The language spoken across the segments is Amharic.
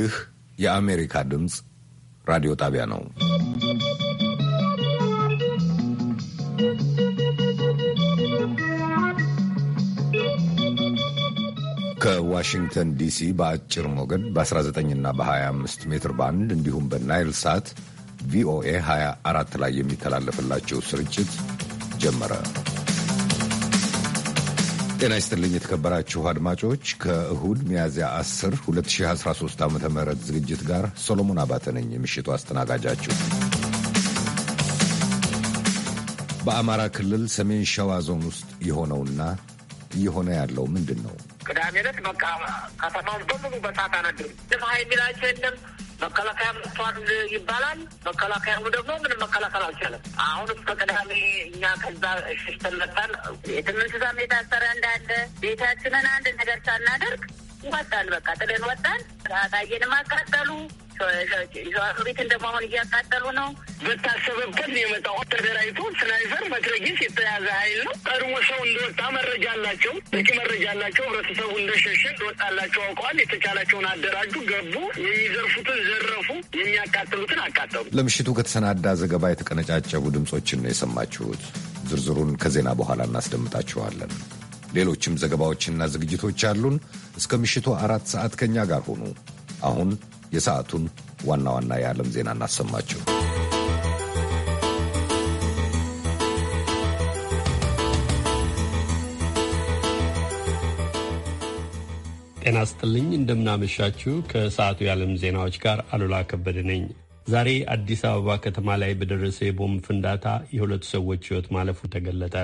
ይህ የአሜሪካ ድምፅ ራዲዮ ጣቢያ ነው። ከዋሽንግተን ዲሲ በአጭር ሞገድ በ19 እና በ25 ሜትር ባንድ እንዲሁም በናይል ሳት ቪኦኤ 24 ላይ የሚተላለፍላቸው ስርጭት ጀመረ። ጤና ይስጥልኝ የተከበራችሁ አድማጮች ከእሁድ ሚያዝያ 10 2013 ዓ ም ዝግጅት ጋር ሰሎሞን አባተ ነኝ የምሽቱ አስተናጋጃችሁ። በአማራ ክልል ሰሜን ሸዋ ዞን ውስጥ የሆነውና እየሆነ ያለው ምንድን ነው? ቅዳሜ ዕለት በቃ ከተማውን በሙሉ በሳት አነድሩ ልፋ የሚላቸው የለም መከላከያም ስቷል ይባላል። መከላከያም ደግሞ ምንም መከላከል አልቻለም። አሁንም ከቅዳሜ እኛ ከዛ ሽሽተን መጣን። የትምህርት ዛም የታሰረ እንዳለ ቤታችንን አንድ ነገር ሳናደርግ ወጣን። በቃ ጥለን ወጣን። ጣጣየንም አቃጠሉ ሰው ቤት እያቃጠሉ ነው። በታሰበበት የመጣው ተደራጅቶ ስናይፈር መትረጊስ የተያዘ ኃይል ነው። ቀድሞ ሰው እንደወጣ መረጃ አላቸው፣ በቂ መረጃ አላቸው። ህብረተሰቡ እንደሸሸ እንደወጣላቸው አውቀዋል። የተቻላቸውን አደራጁ፣ ገቡ፣ የሚዘርፉትን ዘረፉ፣ የሚያቃጥሉትን አቃጠሉ። ለምሽቱ ከተሰናዳ ዘገባ የተቀነጫጨቡ ድምፆችን ነው የሰማችሁት። ዝርዝሩን ከዜና በኋላ እናስደምጣችኋለን። ሌሎችም ዘገባዎችና ዝግጅቶች አሉን። እስከ ምሽቱ አራት ሰዓት ከኛ ጋር ሆኑ። አሁን የሰዓቱን ዋና ዋና የዓለም ዜና እናሰማችሁ። ጤና ስጥልኝ፣ እንደምናመሻችሁ። ከሰዓቱ የዓለም ዜናዎች ጋር አሉላ ከበደ ነኝ። ዛሬ አዲስ አበባ ከተማ ላይ በደረሰ የቦምብ ፍንዳታ የሁለቱ ሰዎች ሕይወት ማለፉ ተገለጠ።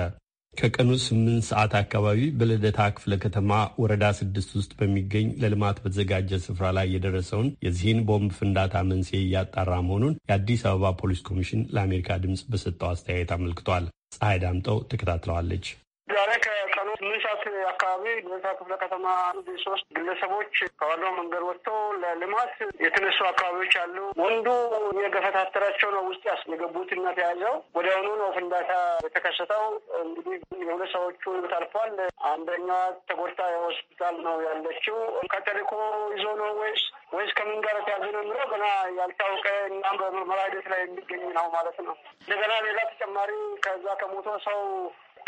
ከቀኑ ስምንት ሰዓት አካባቢ በልደታ ክፍለ ከተማ ወረዳ ስድስት ውስጥ በሚገኝ ለልማት በተዘጋጀ ስፍራ ላይ የደረሰውን የዚህን ቦምብ ፍንዳታ መንስኤ እያጣራ መሆኑን የአዲስ አበባ ፖሊስ ኮሚሽን ለአሜሪካ ድምፅ በሰጠው አስተያየት አመልክቷል። ፀሐይ ዳምጠው ተከታትለዋለች። አካባቢ ልደታ ክፍለ ከተማ ሶስት ግለሰቦች ከዋናው መንገድ ወጥተው ለልማት የተነሱ አካባቢዎች አሉ። ወንዱ የገፈታተራቸው ነው ውስጥ ያስገቡትና ተያዘው ወዲያውኑ ነው ፍንዳታ የተከሰተው። እንግዲህ የሆነ ሰዎቹ ታልፏል። አንደኛ ተጎድታ የሆስፒታል ነው ያለችው። ከተልዕኮ ይዞ ነው ወይስ ወይስ ከምን ጋር ተያዘ ነው የሚለው ገና ያልታወቀ እና በምርመራ ሂደት ላይ የሚገኝ ነው ማለት ነው። እንደገና ሌላ ተጨማሪ ከዛ ከሞቶ ሰው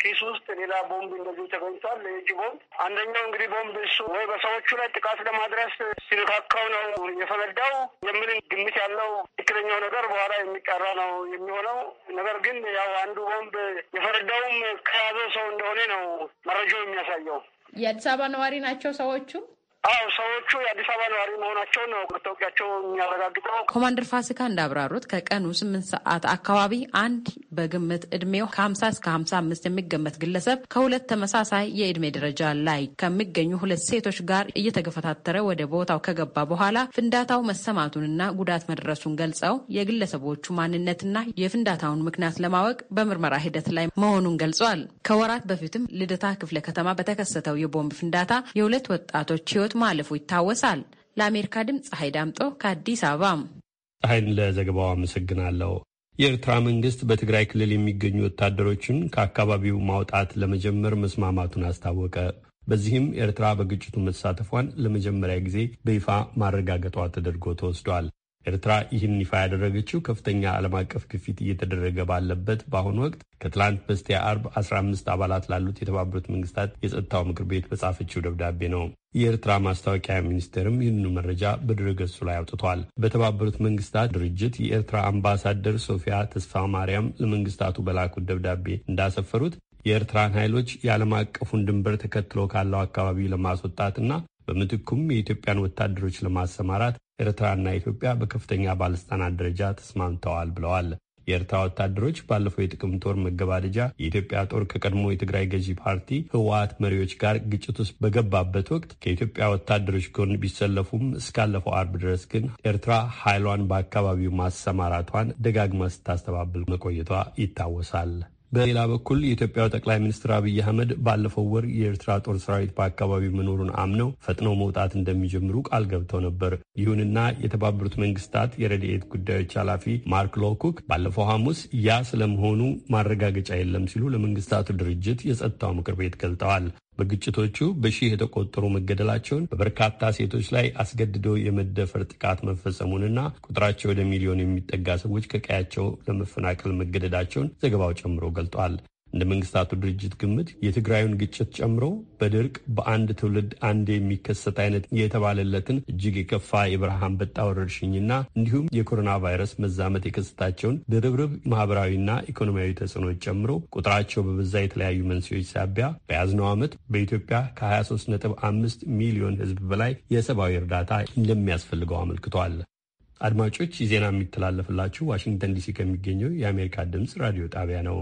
ኪስ ውስጥ ሌላ ቦምብ እንደዚህ ተገኝቷል። የእጅ ቦምብ አንደኛው እንግዲህ ቦምብ እሱ ወይ በሰዎቹ ላይ ጥቃት ለማድረስ ሲነካካው ነው የፈነዳው የሚል ግምት ያለው ትክክለኛው ነገር በኋላ የሚጠራ ነው የሚሆነው። ነገር ግን ያው አንዱ ቦምብ የፈነዳውም ከያዘ ሰው እንደሆነ ነው መረጃው የሚያሳየው። የአዲስ አበባ ነዋሪ ናቸው ሰዎቹ። አዎ ሰዎቹ የአዲስ አበባ ነዋሪ መሆናቸውን ነው መታወቂያቸው የሚያረጋግጠው። ኮማንደር ፋሲካ እንዳብራሩት ከቀኑ ስምንት ሰዓት አካባቢ አንድ በግምት እድሜው ከሀምሳ እስከ ሀምሳ አምስት የሚገመት ግለሰብ ከሁለት ተመሳሳይ የእድሜ ደረጃ ላይ ከሚገኙ ሁለት ሴቶች ጋር እየተገፈታተረ ወደ ቦታው ከገባ በኋላ ፍንዳታው መሰማቱንና ጉዳት መድረሱን ገልጸው የግለሰቦቹ ማንነትና የፍንዳታውን ምክንያት ለማወቅ በምርመራ ሂደት ላይ መሆኑን ገልጸዋል። ከወራት በፊትም ልደታ ክፍለ ከተማ በተከሰተው የቦምብ ፍንዳታ የሁለት ወጣቶች ህይወት ሕይወት ማለፉ ይታወሳል። ለአሜሪካ ድምፅ ፀሐይ ዳምጦ ከአዲስ አበባ። ፀሐይን ለዘገባው አመሰግናለሁ። የኤርትራ መንግስት በትግራይ ክልል የሚገኙ ወታደሮችን ከአካባቢው ማውጣት ለመጀመር መስማማቱን አስታወቀ። በዚህም ኤርትራ በግጭቱ መሳተፏን ለመጀመሪያ ጊዜ በይፋ ማረጋገጧ ተደርጎ ተወስዷል። ኤርትራ ይህን ይፋ ያደረገችው ከፍተኛ ዓለም አቀፍ ግፊት እየተደረገ ባለበት በአሁኑ ወቅት ከትላንት በስቲያ አርብ 15 አባላት ላሉት የተባበሩት መንግስታት የጸጥታው ምክር ቤት በጻፈችው ደብዳቤ ነው። የኤርትራ ማስታወቂያ ሚኒስቴርም ይህንኑ መረጃ በድረገጹ ላይ አውጥቷል። በተባበሩት መንግስታት ድርጅት የኤርትራ አምባሳደር ሶፊያ ተስፋ ማርያም ለመንግስታቱ በላኩት ደብዳቤ እንዳሰፈሩት የኤርትራን ኃይሎች የዓለም አቀፉን ድንበር ተከትሎ ካለው አካባቢ ለማስወጣትና በምትኩም የኢትዮጵያን ወታደሮች ለማሰማራት ኤርትራና ኢትዮጵያ በከፍተኛ ባለስልጣናት ደረጃ ተስማምተዋል ብለዋል። የኤርትራ ወታደሮች ባለፈው የጥቅምት ወር መገባደጃ የኢትዮጵያ ጦር ከቀድሞ የትግራይ ገዢ ፓርቲ ህወሓት መሪዎች ጋር ግጭት ውስጥ በገባበት ወቅት ከኢትዮጵያ ወታደሮች ጎን ቢሰለፉም እስካለፈው አርብ ድረስ ግን ኤርትራ ኃይሏን በአካባቢው ማሰማራቷን ደጋግማ ስታስተባብል መቆየቷ ይታወሳል። በሌላ በኩል የኢትዮጵያው ጠቅላይ ሚኒስትር አብይ አህመድ ባለፈው ወር የኤርትራ ጦር ሰራዊት በአካባቢው መኖሩን አምነው ፈጥነው መውጣት እንደሚጀምሩ ቃል ገብተው ነበር። ይሁንና የተባበሩት መንግስታት የረድኤት ጉዳዮች ኃላፊ ማርክ ሎኩክ ባለፈው ሐሙስ ያ ስለመሆኑ ማረጋገጫ የለም ሲሉ ለመንግስታቱ ድርጅት የጸጥታው ምክር ቤት ገልጠዋል። በግጭቶቹ በሺህ የተቆጠሩ መገደላቸውን በበርካታ ሴቶች ላይ አስገድዶ የመደፈር ጥቃት መፈጸሙንና ቁጥራቸው ወደ ሚሊዮን የሚጠጋ ሰዎች ከቀያቸው ለመፈናቀል መገደዳቸውን ዘገባው ጨምሮ ገልጧል። እንደ መንግስታቱ ድርጅት ግምት የትግራዩን ግጭት ጨምሮ በድርቅ በአንድ ትውልድ አንድ የሚከሰት አይነት የተባለለትን እጅግ የከፋ የበረሃ አንበጣ ወረርሽኝና እንዲሁም የኮሮና ቫይረስ መዛመት የከሰታቸውን ድርብርብ ማህበራዊና ኢኮኖሚያዊ ተጽዕኖች ጨምሮ ቁጥራቸው በበዛ የተለያዩ መንስኤዎች ሳቢያ በያዝነው ዓመት በኢትዮጵያ ከ23.5 ሚሊዮን ህዝብ በላይ የሰብአዊ እርዳታ እንደሚያስፈልገው አመልክቷል። አድማጮች፣ ዜና የሚተላለፍላችሁ ዋሽንግተን ዲሲ ከሚገኘው የአሜሪካ ድምፅ ራዲዮ ጣቢያ ነው።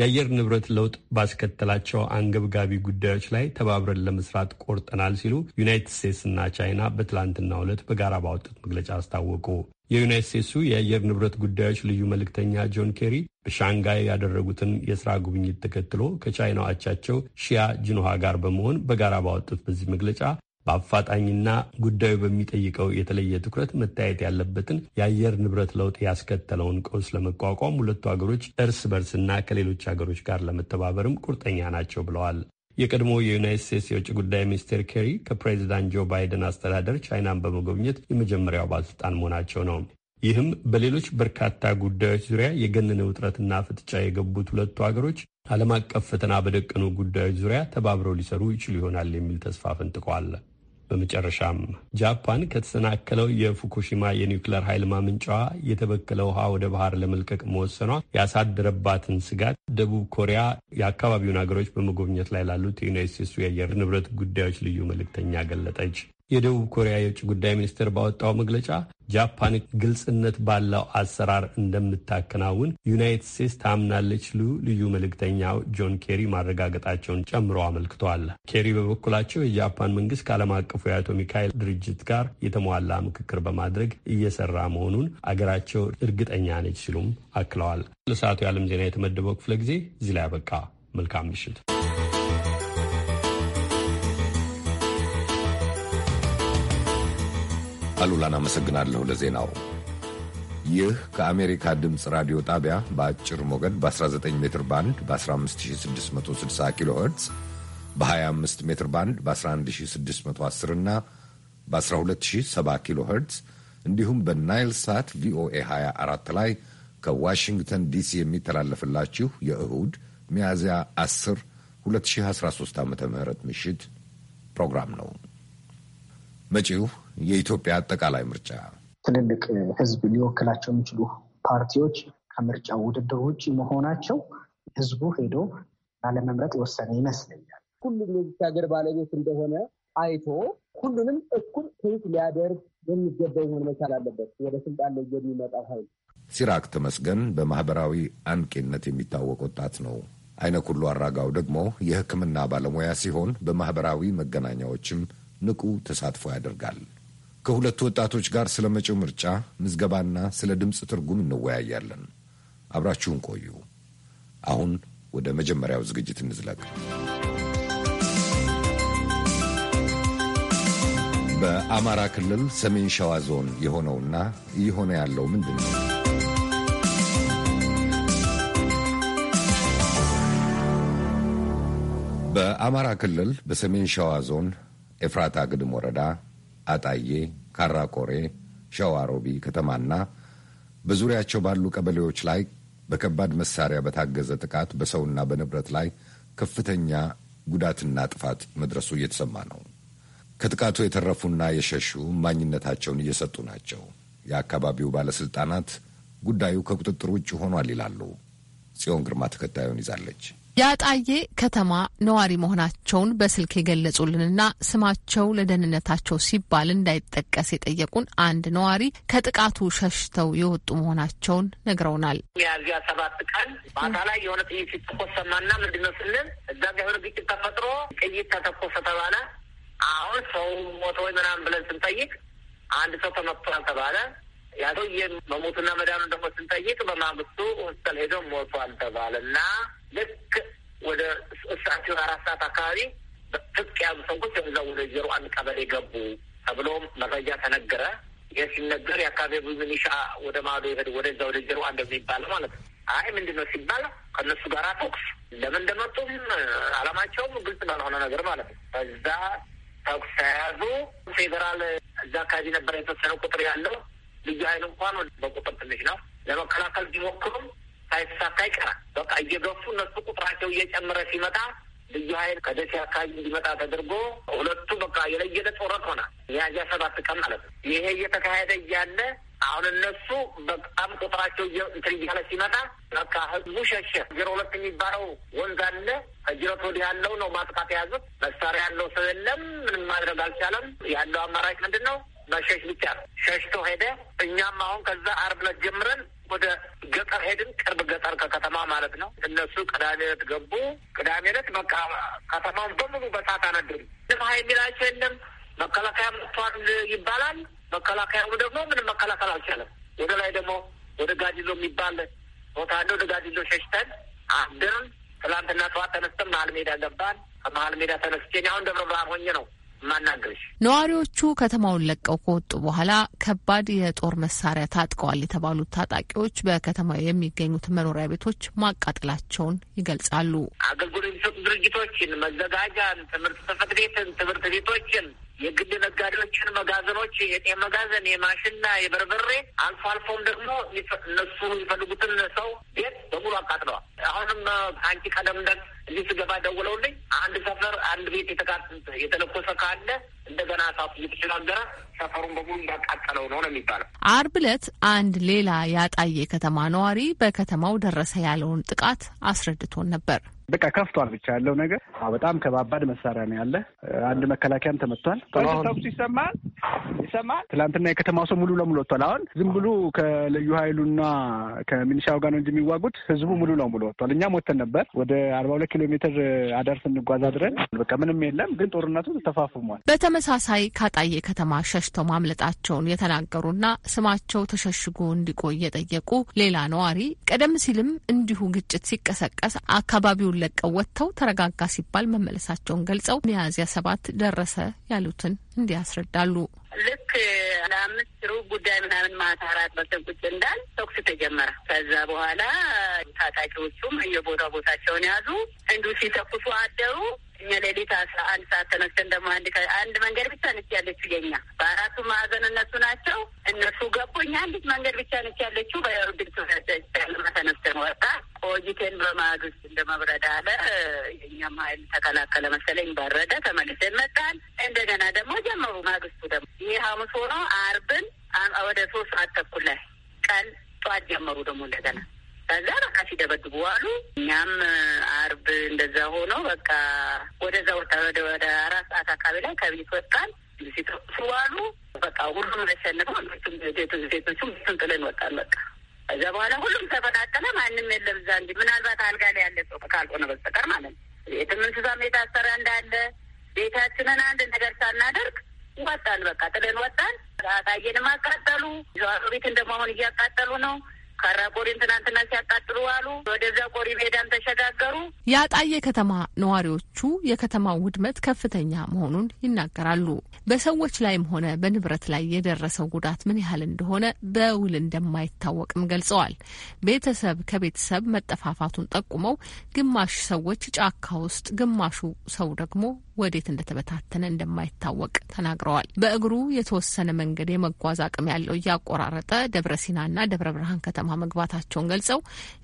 የአየር ንብረት ለውጥ ባስከተላቸው አንገብጋቢ ጉዳዮች ላይ ተባብረን ለመስራት ቆርጠናል ሲሉ ዩናይትድ ስቴትስና ቻይና በትላንትናው ዕለት በጋራ ባወጡት መግለጫ አስታወቁ። የዩናይት ስቴትሱ የአየር ንብረት ጉዳዮች ልዩ መልእክተኛ ጆን ኬሪ በሻንጋይ ያደረጉትን የስራ ጉብኝት ተከትሎ ከቻይናው አቻቸው ሺያ ጅኖሃ ጋር በመሆን በጋራ ባወጡት በዚህ መግለጫ በአፋጣኝና ጉዳዩ በሚጠይቀው የተለየ ትኩረት መታየት ያለበትን የአየር ንብረት ለውጥ ያስከተለውን ቀውስ ለመቋቋም ሁለቱ ሀገሮች እርስ በርስና ከሌሎች ሀገሮች ጋር ለመተባበርም ቁርጠኛ ናቸው ብለዋል። የቀድሞ የዩናይት ስቴትስ የውጭ ጉዳይ ሚኒስቴር ኬሪ ከፕሬዚዳንት ጆ ባይደን አስተዳደር ቻይናን በመጎብኘት የመጀመሪያው ባለስልጣን መሆናቸው ነው። ይህም በሌሎች በርካታ ጉዳዮች ዙሪያ የገነነ ውጥረትና ፍጥጫ የገቡት ሁለቱ ሀገሮች ዓለም አቀፍ ፈተና በደቀኑ ጉዳዮች ዙሪያ ተባብረው ሊሰሩ ይችሉ ይሆናል የሚል ተስፋ ፈንጥቀዋል። በመጨረሻም ጃፓን ከተሰናከለው የፉኩሺማ የኒውክለር ኃይል ማመንጫዋ የተበከለ ውሃ ወደ ባህር ለመልቀቅ መወሰኗ ያሳደረባትን ስጋት ደቡብ ኮሪያ የአካባቢውን ሀገሮች በመጎብኘት ላይ ላሉት የዩናይት ስቴትሱ የአየር ንብረት ጉዳዮች ልዩ መልእክተኛ ገለጠች። የደቡብ ኮሪያ የውጭ ጉዳይ ሚኒስቴር ባወጣው መግለጫ ጃፓን ግልጽነት ባለው አሰራር እንደምታከናውን ዩናይትድ ስቴትስ ታምናለች ሲሉ ልዩ መልእክተኛው ጆን ኬሪ ማረጋገጣቸውን ጨምሮ አመልክቷል። ኬሪ በበኩላቸው የጃፓን መንግስት ከዓለም አቀፉ የአቶሚክ ኃይል ድርጅት ጋር የተሟላ ምክክር በማድረግ እየሰራ መሆኑን አገራቸው እርግጠኛ ነች ሲሉም አክለዋል። ለሰዓቱ የዓለም ዜና የተመደበው ክፍለ ጊዜ እዚህ ላይ አበቃ። መልካም ምሽት። አሉላን አመሰግናለሁ ለዜናው። ይህ ከአሜሪካ ድምፅ ራዲዮ ጣቢያ በአጭር ሞገድ በ19 ሜትር ባንድ በ15660 ኪሎ ኸርትዝ በ25 ሜትር ባንድ በ11610 እና በ12070 ኪሎ ኸርትዝ እንዲሁም በናይል ሳት ቪኦኤ 24 ላይ ከዋሽንግተን ዲሲ የሚተላለፍላችሁ የእሁድ ሚያዝያ 10 2013 ዓ ም ምሽት ፕሮግራም ነው። መጪው የኢትዮጵያ አጠቃላይ ምርጫ ትልልቅ ህዝብ ሊወክላቸው የሚችሉ ፓርቲዎች ከምርጫ ውድድር ውጭ መሆናቸው ህዝቡ ሄዶ ላለመምረጥ የወሰነ ይመስለኛል። ሁሉም የዚች ሀገር ባለቤት እንደሆነ አይቶ ሁሉንም እኩል ትት ሊያደርግ የሚገባ መሆን መቻል አለበት። ወደ ስልጣን ላይ የሚመጣው ሀይል ሲራክ ተመስገን በማህበራዊ አንቂነት የሚታወቅ ወጣት ነው። አይነ ኩሉ አራጋው ደግሞ የህክምና ባለሙያ ሲሆን በማህበራዊ መገናኛዎችም ንቁ ተሳትፎ ያደርጋል። ከሁለቱ ወጣቶች ጋር ስለ መጪው ምርጫ ምዝገባና ስለ ድምፅ ትርጉም እንወያያለን። አብራችሁን ቆዩ። አሁን ወደ መጀመሪያው ዝግጅት እንዝለቅ። በአማራ ክልል ሰሜን ሸዋ ዞን የሆነውና እየሆነ ያለው ምንድን ነው? በአማራ ክልል በሰሜን ሸዋ ዞን ኤፍራታ ግድም ወረዳ አጣዬ፣ ካራቆሬ፣ ሸዋሮቢ ከተማና በዙሪያቸው ባሉ ቀበሌዎች ላይ በከባድ መሳሪያ በታገዘ ጥቃት በሰውና በንብረት ላይ ከፍተኛ ጉዳትና ጥፋት መድረሱ እየተሰማ ነው። ከጥቃቱ የተረፉና የሸሹ ማኝነታቸውን እየሰጡ ናቸው። የአካባቢው ባለስልጣናት ጉዳዩ ከቁጥጥር ውጭ ሆኗል ይላሉ። ጽዮን ግርማ ተከታዩን ይዛለች። የአጣዬ ከተማ ነዋሪ መሆናቸውን በስልክ የገለጹልንና ስማቸው ለደህንነታቸው ሲባል እንዳይጠቀስ የጠየቁን አንድ ነዋሪ ከጥቃቱ ሸሽተው የወጡ መሆናቸውን ነግረውናል። ሚያዝያ ሰባት ቀን ማታ ላይ የሆነ ጥይት ሲተኮስ ሰማና ምንድነው ስንል እዛ ጋ የሆነ ግጭት ተፈጥሮ ጥይት ተተኮሰ ተባለ። አሁን ሰው ሞተ ወይ ምናምን ብለን ስንጠይቅ አንድ ሰው ተመቷል ተባለ። ያ ሰውዬ መሞቱና መዳኑ ደግሞ ስንጠይቅ በማግስቱ ሆስፒታል ሄዶ ሞቷል ተባለ እና ልክ ወደ እሳቸው አራት ሰዓት አካባቢ በፍቅ ያሉ ሰዎች እዛ ወደ ዜሮ አንድ ቀበሌ ገቡ ተብሎ መረጃ ተነገረ። ይህ ሲነገር የአካባቢ ሚሊሻ ወደ ማዶ ይሄድ ወደዛ ወደ ዜሮ አንድ የሚባል ማለት ነው። አይ ምንድን ነው ሲባል ከእነሱ ጋራ ተኩስ፣ ለምን እንደመጡም አላማቸውም ግልጽ ባልሆነ ነገር ማለት ነው። በዛ ተኩስ ተያያዙ። ፌዴራል እዛ አካባቢ ነበረ የተወሰነ ቁጥር ያለው ልዩ ኃይል እንኳን በቁጥር ትንሽ ነው። ለመከላከል ቢሞክሩም ሳይሳካ ይቀራል። በቃ እየገፉ እነሱ ቁጥራቸው እየጨመረ ሲመጣ ልዩ ኃይል ከደሴ አካባቢ እንዲመጣ ተደርጎ ሁለቱ በቃ የለየለ ጦርነት ሆነ። ሚያዝያ ሰባት ቀን ማለት ነው። ይሄ እየተካሄደ እያለ አሁን እነሱ በጣም ቁጥራቸው እንትን እያለ ሲመጣ በቃ ህዝቡ ሸሸ። ዜሮ ሁለት የሚባለው ወንዝ አለ። ከጅረት ወዲህ ያለው ነው ማጥቃት የያዙት። መሳሪያ ያለው ሰው የለም። ምንም ማድረግ አልቻለም። ያለው አማራጭ ምንድን ነው? መሸሽ ብቻ ነው። ሸሽቶ ሄደ። እኛም አሁን ከዛ አርብ ዕለት ጀምረን ወደ ገጠር ሄድን። ቅርብ ገጠር ከከተማ ማለት ነው። እነሱ ቅዳሜ ዕለት ገቡ። ቅዳሜ ዕለት በቃ ከተማውን በሙሉ በሳት አነድሩ። ምንም የሚላቸው የለም። መከላከያ መጥቷል ይባላል። መከላከያው ደግሞ ምንም መከላከል አልቻለም። ወደ ላይ ደግሞ ወደ ጋዲሎ የሚባል ቦታ አለ። ወደ ጋዲሎ ሸሽተን አድርን። ትላንትና ጠዋት ተነስተን መሀል ሜዳ ገባን። ከመሀል ሜዳ ተነስቼ አሁን ደብረ ብርሃን ሆኜ ነው ማናገርሽ። ነዋሪዎቹ ከተማውን ለቀው ከወጡ በኋላ ከባድ የጦር መሳሪያ ታጥቀዋል የተባሉት ታጣቂዎች በከተማ የሚገኙት መኖሪያ ቤቶች ማቃጠላቸውን ይገልጻሉ። አገልግሎት የሚሰጡ ድርጅቶችን፣ መዘጋጃን፣ ትምህርት ጽሕፈት ቤትን፣ ትምህርት ቤቶችን የግል ነጋዴዎችን፣ መጋዘኖች፣ የጤፍ መጋዘን፣ የማሽንና የበርበሬ አልፎ አልፎም ደግሞ እነሱ የሚፈልጉትን ሰው ቤት በሙሉ አቃጥለዋል። አሁንም አንቺ ቀደም እዚህ ስገባ ደውለውልኝ አንድ ሰፈር አንድ ቤት የተቃጥ የተለኮሰ ካለ እንደገና እሳቱ እየተሸጋገረ ሰፈሩን በሙሉ እንዳቃጠለው ነው ነው የሚባለው። አርብ ዕለት አንድ ሌላ ያጣዬ ከተማ ነዋሪ በከተማው ደረሰ ያለውን ጥቃት አስረድቶን ነበር። በቃ ከፍቷል። ብቻ ያለው ነገር በጣም ከባባድ መሳሪያ ነው ያለ። አንድ መከላከያም ተመቷል። ተኩስ ይሰማል ይሰማል። ትላንትና የከተማ ሰው ሙሉ ለሙሉ ወጥቷል። አሁን ዝም ብሎ ከልዩ ኃይሉና ከሚኒሻው ጋር ነው እንጂ የሚዋጉት ህዝቡ ሙሉ ለሙሉ ወጥቷል። እኛም ወተን ነበር ወደ አርባ ሁለት ኪሎ ሜትር አዳር ስንጓዝ አድረን በቃ ምንም የለም፣ ግን ጦርነቱ ተፋፍሟል። በተመሳሳይ ካጣዬ ከተማ ሸሽተው ማምለጣቸውን የተናገሩና ስማቸው ተሸሽጎ እንዲቆይ የጠየቁ ሌላ ነዋሪ ቀደም ሲልም እንዲሁ ግጭት ሲቀሰቀስ አካባቢውን ለቀው ወጥተው ተረጋጋ ሲባል መመለሳቸውን ገልጸው ሚያዝያ ሰባት ደረሰ ያሉትን እንዲህ ያስረዳሉ። ልክ ለአምስት ሩብ ጉዳይ ምናምን ማታ አራት በሰብ እንዳል ተኩስ ተጀመረ። ከዛ በኋላ ታጣቂዎቹም የቦታ ቦታቸውን ያዙ። እንዱ ሲተኩሱ አደሩ። እኛ ሌሊት አስራ አንድ ሰዓት ተነስተን ደግሞ አንድ አንድ መንገድ ብቻ ነች ያለችው የኛ በአራቱ ማዕዘን እነሱ ናቸው። እነሱ ገቡ። እኛ አንዲት መንገድ ብቻ ነች ያለችው። በያሩድግ ለማ ተነስተን ወጣ ቆይቴን በማግስት እንደመብረዳ አለ የኛም ሀይል ተከላከለ መሰለኝ በረደ። ተመልሰን መጣን። እንደገና ደግሞ ጀመሩ። ማግስቱ ደግሞ ይህ ሐሙስ ሆኖ አርብን ወደ ሶስት ሰዓት ተኩል ላይ ቀን ጠዋት ጀመሩ ደግሞ እንደገና ከዛ በቃ ሲደበድቡ አሉ። እኛም አርብ እንደዛ ሆኖ በቃ ወደዛ ወጣ ወደ አራት ሰዓት አካባቢ ላይ ከቤት ወጣን። ሲጠቁሱ አሉ በቃ ሁሉም አሸንፈው ሴቶቹም ቤቱን ጥለን ወጣን። በቃ ከዛ በኋላ ሁሉም ተፈናቀለ። ማንም የለም እዛ እንጂ ምናልባት አልጋ ላይ ያለ ሰው ካልሆነ በስተቀር ማለት ነው። የትም እንስሳም የታሰረ እንዳለ ቤታችንን አንድ ነገር ሳናደርግ ወጣን። በቃ ጥለን ወጣን። አጣዬንም አቃጠሉ። ዘዋሮ ቤትን ደግሞ አሁን እያቃጠሉ ነው። ካራ ቆሪን ትናንትና ሲያቃጥሉ አሉ። ወደዛ ቆሪ ሜዳም ተሸጋገሩ። የአጣዬ ከተማ ነዋሪዎቹ የከተማው ውድመት ከፍተኛ መሆኑን ይናገራሉ። በሰዎች ላይም ሆነ በንብረት ላይ የደረሰው ጉዳት ምን ያህል እንደሆነ በውል እንደማይታወቅም ገልጸዋል። ቤተሰብ ከቤተሰብ መጠፋፋቱን ጠቁመው ግማሽ ሰዎች ጫካ ውስጥ፣ ግማሹ ሰው ደግሞ ወዴት እንደተበታተነ እንደማይታወቅ ተናግረዋል። በእግሩ የተወሰነ መንገድ የመጓዝ አቅም ያለው እያቆራረጠ ደብረ ሲናና ደብረ ብርሃን ከተማ መግባታቸውን ገልጸው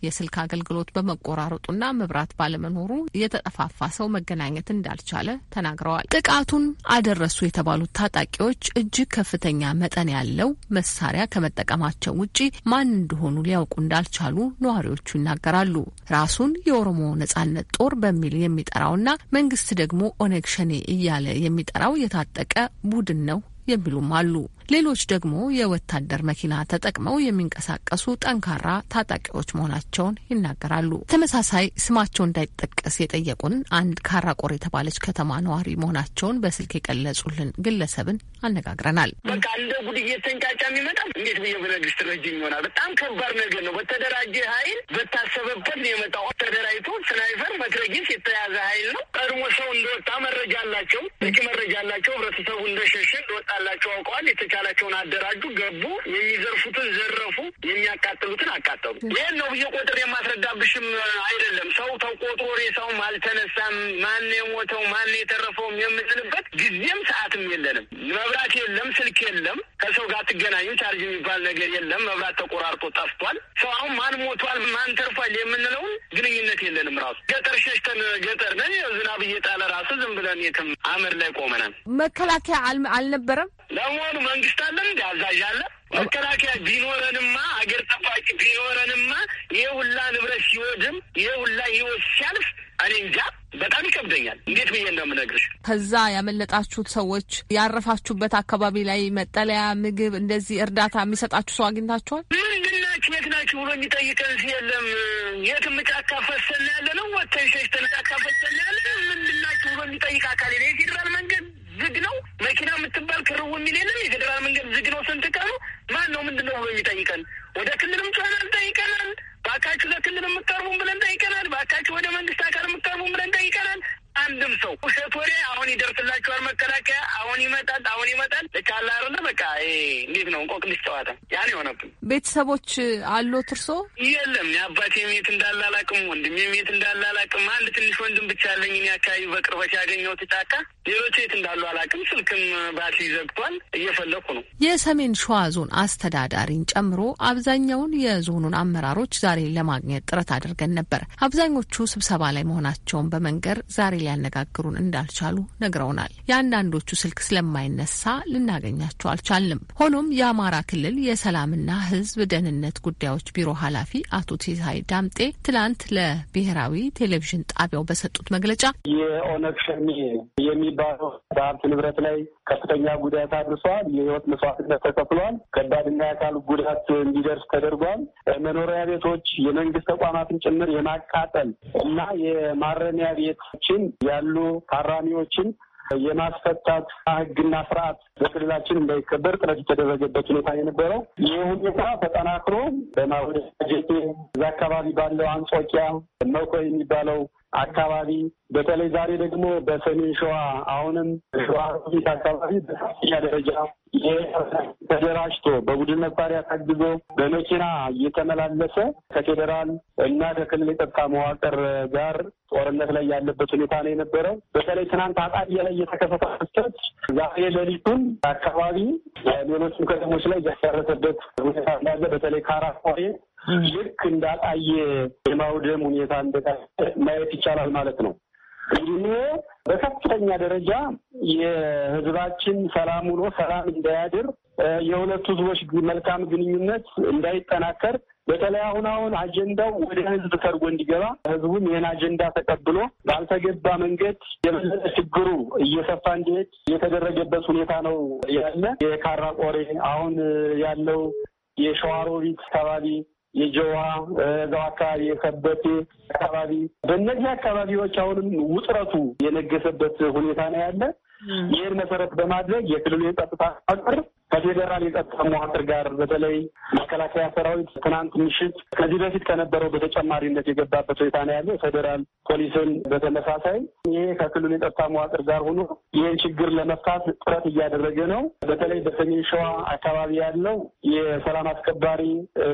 የስልክ አገልግሎት በመቆራረጡና መብራት ባለመኖሩ የተጠፋፋ ሰው መገናኘት እንዳልቻለ ተናግረዋል። ጥቃቱን አደረሱ የተባሉት ታጣቂዎች እጅግ ከፍተኛ መጠን ያለው መሳሪያ ከመጠቀማቸው ውጪ ማን እንደሆኑ ሊያውቁ እንዳልቻሉ ነዋሪዎቹ ይናገራሉ። ራሱን የኦሮሞ ነጻነት ጦር በሚል የሚጠራውና መንግስት ደግሞ ኦነግ ኦነግ ሸኔ እያለ የሚጠራው የታጠቀ ቡድን ነው የሚሉም አሉ። ሌሎች ደግሞ የወታደር መኪና ተጠቅመው የሚንቀሳቀሱ ጠንካራ ታጣቂዎች መሆናቸውን ይናገራሉ። ተመሳሳይ ስማቸው እንዳይጠቀስ የጠየቁን አንድ ካራቆር የተባለች ከተማ ነዋሪ መሆናቸውን በስልክ የገለጹልን ግለሰብን አነጋግረናል። በቃ እንደ ጉድ እየተንጫጫ የሚመጣ እንዴት ብዬ ብነግርሽ ትረጅኝ ይሆናል። በጣም ከባድ ነገር ነው። በተደራጀ ኃይል በታሰበበት ነው የመጣው። ተደራጅቶ ስናይፈር መትረጊስ የተያዘ ኃይል ነው። ቀድሞ ሰው እንደወጣ መረጃ አላቸው። በቂ መረጃ አላቸው። ህብረተሰቡ እንደሸሸ እንደወጣላቸው አውቀዋል። የተቻላቸውን አደራጁ፣ ገቡ፣ የሚዘርፉትን ዘረፉ፣ የሚያቃጥሉትን አቃጠሉ። ይህን ነው ብዬ ቆጥር የማስረዳብሽም አይደለም። ሰው ተቆጥሮ ሬሳውም አልተነሳም፣ ማን የሞተው ማን የተረፈውም የምንልበት ጊዜም ሰዓትም የለንም። መብራት የለም፣ ስልክ የለም፣ ከሰው ጋር ትገናኙ፣ ቻርጅ የሚባል ነገር የለም። መብራት ተቆራርጦ ጠፍቷል። ሰው አሁን ማን ሞቷል ማን ተርፏል የምንለውን ግንኙነት የለንም። ራሱ ገጠር ሸሽተን ገጠር ነን። ዝናብ እየጣለ ራሱ ዝም ብለን የትም አመድ ላይ ቆመናል። መከላከያ አልነበረም። ለመሆኑ መንግስት መንግስት አለን እንደ አዛዥ አለ መከላከያ ቢኖረንማ አገር ጠባቂ ቢኖረንማ ይህ ሁላ ንብረት ሲወድም ይህ ሁላ ህይወት ሲያልፍ እኔ እንጃ በጣም ይከብደኛል። እንዴት ብዬ እንደምነግርሽ። ከዛ ያመለጣችሁት ሰዎች ያረፋችሁበት አካባቢ ላይ መጠለያ፣ ምግብ፣ እንደዚህ እርዳታ የሚሰጣችሁ ሰው አግኝታችኋል? ምንድን ናችሁ የት ናችሁ ብሎ የሚጠይቀን የለም። የትም ጫካ ፈሰና ያለ ነው ወተን ሸሽተን ጫካ ፈሰን ያለ ምንድናችሁ ብሎ የሚጠይቅ አካል የፌዴራል መንገድ ዝግ ነው። መኪና የምትባል ክርው የሚል የለም። የፌዴራል መንገድ ዝግ ነው። ስንት ቀኑ ማን ነው ምንድን ነው ብሎ የሚጠይቀን? ወደ ክልልም ጮኸናል፣ ጠይቀናል። በአካችሁ ለክልል የምትቀርቡም ብለን ጠይቀናል። በአካችሁ ወደ መንግስት አካል የምትቀርቡም ብለን ጠይቀናል። አንድም ሰው ውሸት ወሬ አሁን ይደርስላችኋል። መከላከያ አሁን ይመጣል፣ አሁን ይመጣል። ልክ አላርለ በቃ እንዴት ነው እንቆቅልሽ ጨዋታ ያን የሆነብን። ቤተሰቦች አሎት እርሶ? የለም የአባቴ የት እንዳለ አላውቅም፣ ወንድሜ የት እንዳለ አንድ ትንሽ ወንድም ብቻ ያለኝ እኔ አካባቢ በቅርበት ያገኘሁት ጫካ። ሌሎች የት እንዳሉ አላቅም። ስልክም ባት ይዘግቷል፣ እየፈለግኩ ነው። የሰሜን ሸዋ ዞን አስተዳዳሪን ጨምሮ አብዛኛውን የዞኑን አመራሮች ዛሬ ለማግኘት ጥረት አድርገን ነበር። አብዛኞቹ ስብሰባ ላይ መሆናቸውን በመንገር ዛሬ ሊያነጋግሩን እንዳልቻሉ ነግረውናል። የአንዳንዶቹ ስልክ ስለማይነሳ ልናገኛቸው አልቻልንም። ሆኖም የአማራ ክልል የሰላምና ሕዝብ ደህንነት ጉዳዮች ቢሮ ኃላፊ አቶ ሲሳይ ዳምጤ ትላንት ለብሔራዊ ቴሌቪዥን ጣቢያው በሰጡት መግለጫ የኦነግ ሸኔ የሚባለው በሀብት ንብረት ላይ ከፍተኛ ጉዳት አድርሷል። የህይወት መስዋዕትነት ተከፍሏል። ከባድና የአካል ጉዳት እንዲደርስ ተደርጓል። መኖሪያ ቤቶች፣ የመንግስት ተቋማትን ጭምር የማቃጠል እና የማረሚያ ቤቶችን ያሉ ታራሚዎችን የማስፈታት ህግና ስርዓት በክልላችን እንዳይከበር ጥረት የተደረገበት ሁኔታ የነበረው ይህ ሁኔታ ተጠናክሮ በማወደጀቴ እዛ አካባቢ ባለው አንጾኪያ መኮ የሚባለው አካባቢ በተለይ ዛሬ ደግሞ በሰሜን ሸዋ አሁንም ሸዋ ሮቢት አካባቢ በከፍተኛ ደረጃ ተደራጅቶ በቡድን መሳሪያ ታግዞ በመኪና እየተመላለሰ ከፌዴራል እና ከክልል የጸጥታ መዋቅር ጋር ጦርነት ላይ ያለበት ሁኔታ ነው የነበረው። በተለይ ትናንት አጣዬ ላይ የተከሰተ ክስተት ዛሬ ሌሊቱን አካባቢ ሌሎችም ከተሞች ላይ እያሰረተበት ሁኔታ እንዳለ በተለይ ካራቆሬ ልክ እንዳጣየ የማውደም ሁኔታ እንደጣ ማየት ይቻላል ማለት ነው። እንግዲህ በከፍተኛ ደረጃ የህዝባችን ሰላም ውሎ ሰላም እንዳያድር የሁለቱ ህዝቦች መልካም ግንኙነት እንዳይጠናከር በተለይ አሁን አሁን አጀንዳው ወደ ህዝብ ተርጎ እንዲገባ ህዝቡም ይህን አጀንዳ ተቀብሎ ባልተገባ መንገድ የበለጠ ችግሩ እየሰፋ እንዲሄድ የተደረገበት ሁኔታ ነው ያለ የካራ ቆሬ አሁን ያለው የሸዋሮቢት አካባቢ የጀዋ እዛው አካባቢ አካባቢ በእነዚህ አካባቢዎች አሁንም ውጥረቱ የነገሰበት ሁኔታ ነው ያለ። ይህን መሰረት በማድረግ የክልሉ የጸጥታ አቅር ከፌዴራል የጸጥታ መዋቅር ጋር በተለይ መከላከያ ሰራዊት ትናንት ምሽት ከዚህ በፊት ከነበረው በተጨማሪነት የገባበት ሁኔታ ነው ያለው። ፌዴራል ፖሊስን በተመሳሳይ ይሄ ከክልሉ የጸጥታ መዋቅር ጋር ሆኖ ይህን ችግር ለመፍታት ጥረት እያደረገ ነው። በተለይ በሰሜን ሸዋ አካባቢ ያለው የሰላም አስከባሪ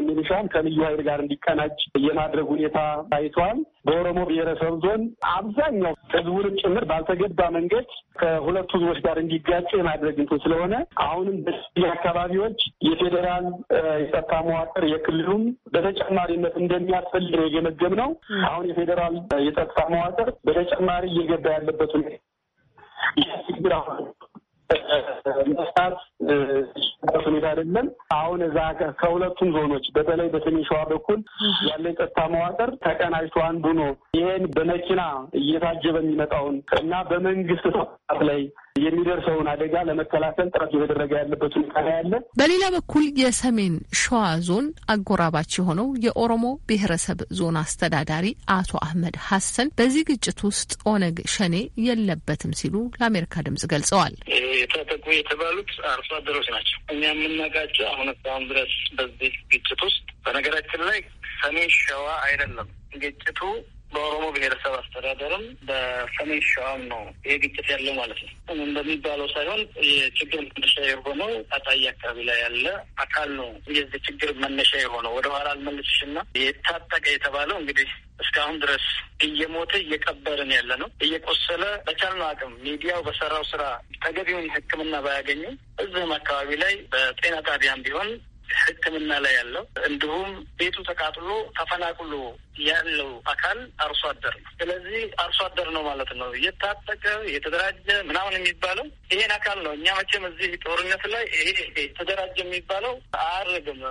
ሚሊሻን ከልዩ ኃይል ጋር እንዲቀናጅ የማድረግ ሁኔታ ታይቷል። በኦሮሞ ብሔረሰብ ዞን አብዛኛው ህዝቡ ጭምር ባልተገባ መንገድ ከሁለቱ ህዝቦች ጋር እንዲጋጭ የማድረግ እንትን ስለሆነ አሁንም የአካባቢዎች የፌዴራል የጸጥታ መዋቅር የክልሉን በተጨማሪነት እንደሚያስፈልግ ነው የገመገብ ነው። አሁን የፌዴራል የጸጥታ መዋቅር በተጨማሪ እየገባ ያለበት ሁኔታ መስራት ሁኔታ አይደለም። አሁን እዛ ከሁለቱም ዞኖች በተለይ በሰሜን ሸዋ በኩል ያለ የጸጥታ መዋቅር ተቀናጅቶ አንዱ ነው ይህን በመኪና እየታጀበ የሚመጣውን እና በመንግስት ላይ የሚደርሰውን አደጋ ለመከላከል ጥረት እየተደረገ ያለበት ሁኔታ ያለ። በሌላ በኩል የሰሜን ሸዋ ዞን አጎራባች የሆነው የኦሮሞ ብሔረሰብ ዞን አስተዳዳሪ አቶ አህመድ ሀሰን በዚህ ግጭት ውስጥ ኦነግ ሸኔ የለበትም ሲሉ ለአሜሪካ ድምጽ ገልጸዋል። የታጠቁ የተባሉት አርሶ አደሮች ናቸው። እኛ የምናውቃቸው አሁን እስካሁን ድረስ በዚህ ግጭት ውስጥ በነገራችን ላይ ሰሜን ሸዋ አይደለም ግጭቱ በኦሮሞ ብሔረሰብ አስተዳደርም በሰሜን ሸዋም ነው ይሄ ግጭት ያለው ማለት ነው። እንደሚባለው ሳይሆን የችግር መነሻ የሆነው አጣዬ አካባቢ ላይ ያለ አካል ነው የዚህ ችግር መነሻ የሆነው ወደኋላ አልመልስሽና የታጠቀ የተባለው እንግዲህ እስካሁን ድረስ እየሞተ እየቀበርን ያለ ነው። እየቆሰለ በቻልነው አቅም ሚዲያው በሰራው ስራ ተገቢውን ሕክምና ባያገኙ እዚህም አካባቢ ላይ በጤና ጣቢያም ቢሆን ሕክምና ላይ ያለው እንዲሁም ቤቱ ተቃጥሎ ተፈናቅሎ ያለው አካል አርሶ አደር ነው። ስለዚህ አርሶ አደር ነው ማለት ነው የታጠቀ የተደራጀ ምናምን የሚባለው ይሄን አካል ነው። እኛ መቼም እዚህ ጦርነት ላይ ይሄ የተደራጀ የሚባለው አያደርግም።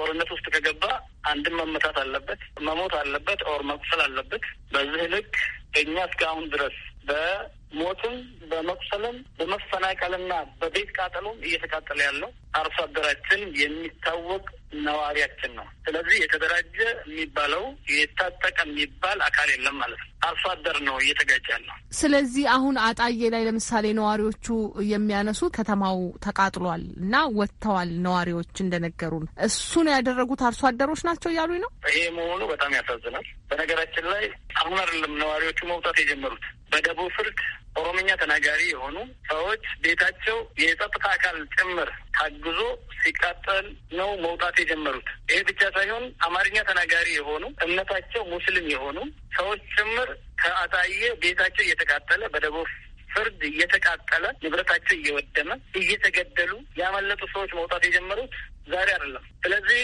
ጦርነት ውስጥ ከገባ አንድም መመታት አለበት፣ መሞት አለበት፣ ኦር መቁሰል አለበት። በዚህ ልክ እኛ እስከ አሁን ድረስ በሞትም በመቁሰልም በመፈናቀልና በቤት ቃጠሎም እየተቃጠለ ያለው አርሶ አደራችን የሚታወቅ ነዋሪያችን ነው። ስለዚህ የተደራጀ የሚባለው የታጠቀ የሚባል አካል የለም ማለት ነው። አርሶ አደር ነው እየተጋጨ ያለው። ስለዚህ አሁን አጣዬ ላይ ለምሳሌ ነዋሪዎቹ የሚያነሱት ከተማው ተቃጥሏል እና ወጥተዋል ነዋሪዎች እንደነገሩን እሱን ያደረጉት አርሶ አደሮች ናቸው እያሉኝ ነው። ይሄ መሆኑ በጣም ያሳዝናል። በነገራችን ላይ አሁን አይደለም ነዋሪዎቹ መውጣት የጀመሩት በደቡብ ፍርድ ኦሮምኛ ተናጋሪ የሆኑ ሰዎች ቤታቸው የጸጥታ አካል ጭምር ታግዞ ሲቃጠል ነው መውጣት የጀመሩት። ይሄ ብቻ ሳይሆን አማርኛ ተናጋሪ የሆኑ እምነታቸው ሙስሊም የሆኑ ሰዎች ጭምር ከአጣዬ ቤታቸው እየተቃጠለ በደቡብ ፍርድ እየተቃጠለ ንብረታቸው እየወደመ እየተገደሉ ያመለጡ ሰዎች መውጣት የጀመሩት ዛሬ አይደለም። ስለዚህ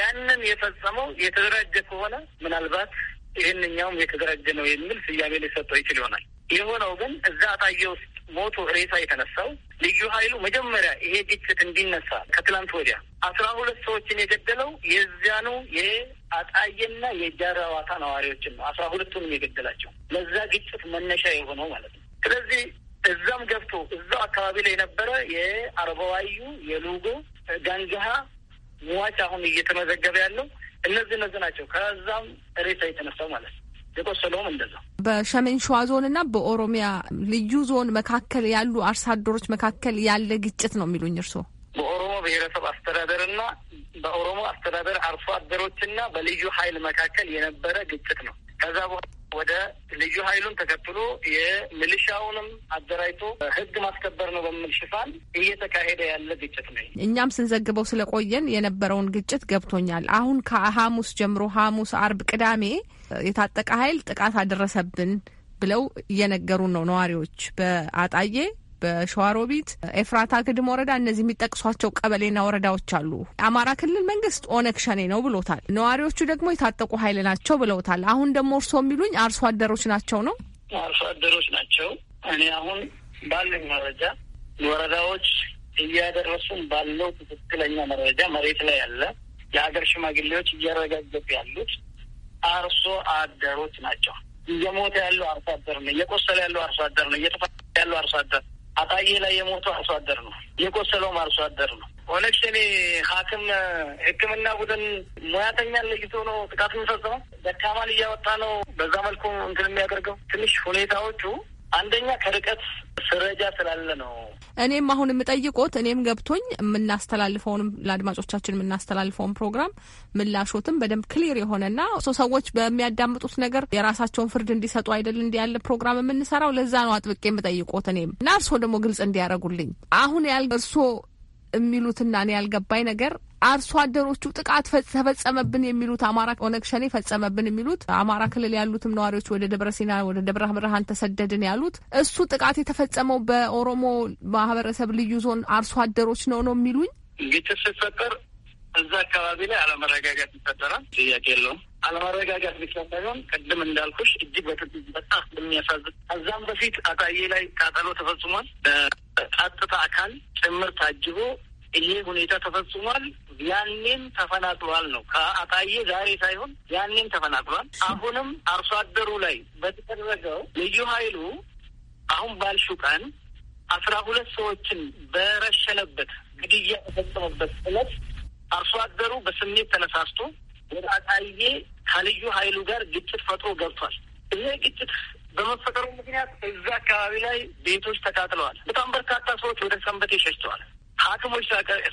ያንን የፈጸመው የተደራጀ ከሆነ ምናልባት ይህንኛውም የተደራጀ ነው የሚል ስያሜ ሊሰጠው ይችል ይሆናል። የሆነው ግን እዛ አጣዬ ውስጥ ሞቱ ሬሳ የተነሳው ልዩ ኃይሉ መጀመሪያ ይሄ ግጭት እንዲነሳ ከትላንት ወዲያ አስራ ሁለት ሰዎችን የገደለው የዚያኑ የአጣዬና የጃራዋታ ነዋሪዎችን ነው። አስራ ሁለቱንም የገደላቸው ለዛ ግጭት መነሻ የሆነው ማለት ነው። ስለዚህ እዛም ገብቶ እዛው አካባቢ ላይ የነበረ የአርበዋዩ የሉጎ ጋንግሀ ሟች አሁን እየተመዘገበ ያለው እነዚህ እነዚህ ናቸው። ከዛም ሬሳ የተነሳው ማለት ነው። የቆሰለውም እንደዛ በሸሜን ሸዋ ዞን እና በኦሮሚያ ልዩ ዞን መካከል ያሉ አርሶ አደሮች መካከል ያለ ግጭት ነው የሚሉኝ እርስዎ? በኦሮሞ ብሔረሰብ አስተዳደር በኦሮሞ አስተዳደር አርሶ አደሮች በልዩ ኃይል መካከል የነበረ ግጭት ነው። ከዛ በኋላ ወደ ልዩ ኃይሉን ተከትሎ የሚሊሻውንም አደራጅቶ ህግ ማስከበር ነው በሚል ሽፋን እየተካሄደ ያለ ግጭት ነው። እኛም ስንዘግበው ስለቆየን የነበረውን ግጭት ገብቶኛል። አሁን ከሐሙስ ጀምሮ ሐሙስ፣ አርብ፣ ቅዳሜ የታጠቀ ኃይል ጥቃት አደረሰብን ብለው እየነገሩን ነው ነዋሪዎች በአጣዬ በሸዋሮቢት፣ ኤፍራታ፣ ግድም ወረዳ እነዚህ የሚጠቅሷቸው ቀበሌና ወረዳዎች አሉ። አማራ ክልል መንግስት ኦነግ ሸኔ ነው ብሎታል። ነዋሪዎቹ ደግሞ የታጠቁ ኃይል ናቸው ብለውታል። አሁን ደግሞ እርስዎ የሚሉኝ አርሶ አደሮች ናቸው ነው? አርሶ አደሮች ናቸው። እኔ አሁን ባለኝ መረጃ ወረዳዎች እያደረሱን ባለው ትክክለኛ መረጃ መሬት ላይ ያለ የሀገር ሽማግሌዎች እያረጋገጡ ያሉት አርሶ አደሮች ናቸው። እየሞተ ያለው አርሶ አደር ነው። እየቆሰለ ያለው አርሶ አደር ነው። እየተፈ ያለው አርሶ አደር አጣዬ ላይ የሞተው አርሶ አደር ነው፣ የቆሰለውም አርሶ አደር ነው። ኦነግ ሸኔ ሐኪም ሕክምና ቡድን ሙያተኛ ለይቶ ነው ጥቃት የሚፈጽመው። ደካማን እያወጣ ነው በዛ መልኩ እንትን የሚያደርገው። ትንሽ ሁኔታዎቹ አንደኛ ከርቀት ስረጃ ስላለ ነው እኔም አሁን የምጠይቆት እኔም ገብቶኝ የምናስተላልፈውንም ለአድማጮቻችን የምናስተላልፈውን ፕሮግራም ምላሾትም በደንብ ክሊር የሆነና ሰዎች በሚያዳምጡት ነገር የራሳቸውን ፍርድ እንዲሰጡ አይደል እንዲ ያለ ፕሮግራም የምንሰራው። ለዛ ነው አጥብቄ የምጠይቆት እኔም እና እርስዎ ደግሞ ግልጽ እንዲያደርጉልኝ አሁን ያል እርስዎ የሚሉትና እኔ ያልገባኝ ነገር አርሶ አደሮቹ ጥቃት ተፈጸመብን የሚሉት አማራ ኦነግ ሸኔ ፈጸመብን የሚሉት አማራ ክልል ያሉትም ነዋሪዎች ወደ ደብረ ሲና ወደ ደብረ ብርሃን ተሰደድን ያሉት እሱ ጥቃት የተፈጸመው በኦሮሞ ማህበረሰብ ልዩ ዞን አርሶ አደሮች ነው ነው የሚሉኝ። ግጭት ሲፈጠር እዛ አካባቢ ላይ አለመረጋጋት ይፈጠራል። ጥያቄ የለውም። አለመረጋጋት ብቻ ሳይሆን ቅድም እንዳልኩሽ እጅግ በጣም የሚያሳዝን ከዛም በፊት አጣዬ ላይ ቃጠሎ ተፈጽሟል። በቀጥታ አካል ጭምር ታጅቦ ይሄ ሁኔታ ተፈጽሟል። ያኔም ተፈናቅሏል ነው ከአጣዬ ዛሬ ሳይሆን ያኔም ተፈናቅሏል። አሁንም አርሶ አደሩ ላይ በተደረገው ልዩ ኃይሉ አሁን ባልሹ ቀን አስራ ሁለት ሰዎችን በረሸነበት ግድያ ተፈጸመበት እለት አርሶ አደሩ በስሜት ተነሳስቶ ወደ አጣዬ ከልዩ ኃይሉ ጋር ግጭት ፈጥሮ ገብቷል። ይሄ ግጭት በመፈጠሩ ምክንያት እዛ አካባቢ ላይ ቤቶች ተቃጥለዋል። በጣም በርካታ ሰዎች ወደ ሰንበቴ ሸሽተዋል። ሐኪሞች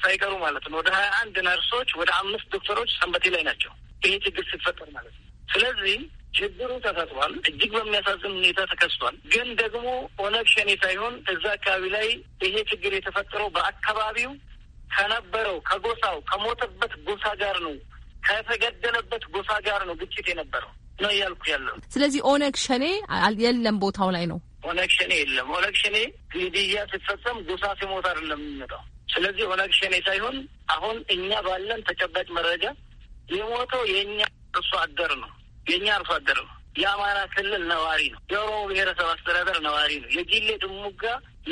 ሳይቀሩ ማለት ነው ወደ ሀያ አንድ ነርሶች ወደ አምስት ዶክተሮች ሰንበቴ ላይ ናቸው። ይሄ ችግር ሲፈጠር ማለት ነው። ስለዚህ ችግሩ ተፈጥሯል። እጅግ በሚያሳዝን ሁኔታ ተከስቷል። ግን ደግሞ ኦነግ ሸኔ ሳይሆን እዛ አካባቢ ላይ ይሄ ችግር የተፈጠረው በአካባቢው ከነበረው ከጎሳው ከሞተበት ጎሳ ጋር ነው ከተገደለበት ጎሳ ጋር ነው ግጭት የነበረው ነው እያልኩ ያለው። ስለዚህ ኦነግ ሸኔ የለም ቦታው ላይ ነው። ኦነግ ሸኔ የለም። ኦነግ ሸኔ ግድያ ሲፈጸም ጎሳ ሲሞት አይደለም የሚመጣው ስለዚህ ኦነግ ሸኔ ሳይሆን አሁን እኛ ባለን ተጨባጭ መረጃ የሞተው የእኛ እርሶ አደር ነው፣ የእኛ አርሶ አደር ነው፣ የአማራ ክልል ነዋሪ ነው፣ የኦሮሞ ብሔረሰብ አስተዳደር ነዋሪ ነው። የጊሌ ድሙጋ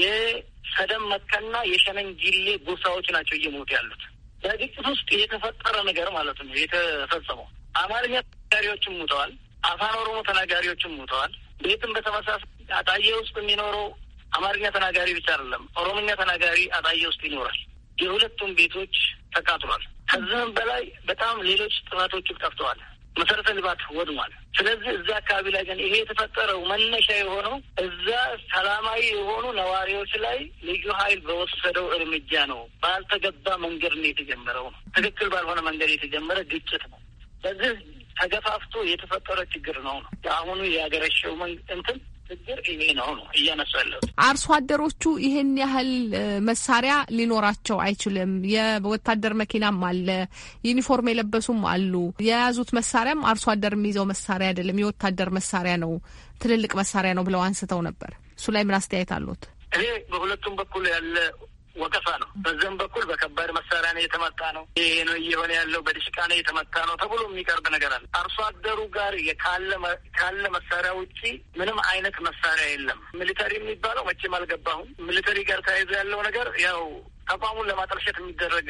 የሰደም መካና የሸነን ጊሌ ጎሳዎች ናቸው እየሞቱ ያሉት በግጭት ውስጥ የተፈጠረ ነገር ማለት ነው የተፈጸመው። አማርኛ ተናጋሪዎችም ሙተዋል። አፋን ኦሮሞ ተናጋሪዎችም ሙተዋል። ቤትም በተመሳሳይ አጣዬ ውስጥ የሚኖረው አማርኛ ተናጋሪ ብቻ አይደለም፣ ኦሮምኛ ተናጋሪ አጣዬ ውስጥ ይኖራል። የሁለቱም ቤቶች ተቃጥሏል። ከዚህም በላይ በጣም ሌሎች ጥፋቶችም ጠፍተዋል። መሰረተ ልማት ወድሟል። ስለዚህ እዚ አካባቢ ላይ ግን ይሄ የተፈጠረው መነሻ የሆነው እዛ ሰላማዊ የሆኑ ነዋሪዎች ላይ ልዩ ኃይል በወሰደው እርምጃ ነው። ባልተገባ መንገድ ነው የተጀመረው ነው። ትክክል ባልሆነ መንገድ የተጀመረ ግጭት ነው። ስለዚህ ተገፋፍቶ የተፈጠረ ችግር ነው ነው የአሁኑ የሀገረሸው እንትን ችግር ይሄ ነው ነው አርሶ አደሮቹ ይህን ያህል መሳሪያ ሊኖራቸው አይችልም። የወታደር መኪናም አለ፣ ዩኒፎርም የለበሱም አሉ። የያዙት መሳሪያም አርሶ አደር የሚይዘው መሳሪያ አይደለም፣ የወታደር መሳሪያ ነው፣ ትልልቅ መሳሪያ ነው ብለው አንስተው ነበር። እሱ ላይ ምን አስተያየት አሉት? ይሄ በሁለቱም በኩል ያለ ወቀሳ ነው። በዚህም በኩል በከባድ መሳሪያ ነው የተመታ ነው፣ ይሄ ነው እየሆነ ያለው በድሽቃ ነው የተመታ ነው ተብሎ የሚቀርብ ነገር አለ። አርሶ አደሩ ጋር ካለ መሳሪያ ውጪ ምንም አይነት መሳሪያ የለም። ሚሊተሪ የሚባለው መቼም አልገባሁም። ሚሊተሪ ጋር ተያይዞ ያለው ነገር ያው ተቋሙን ለማጠልሸት የሚደረግ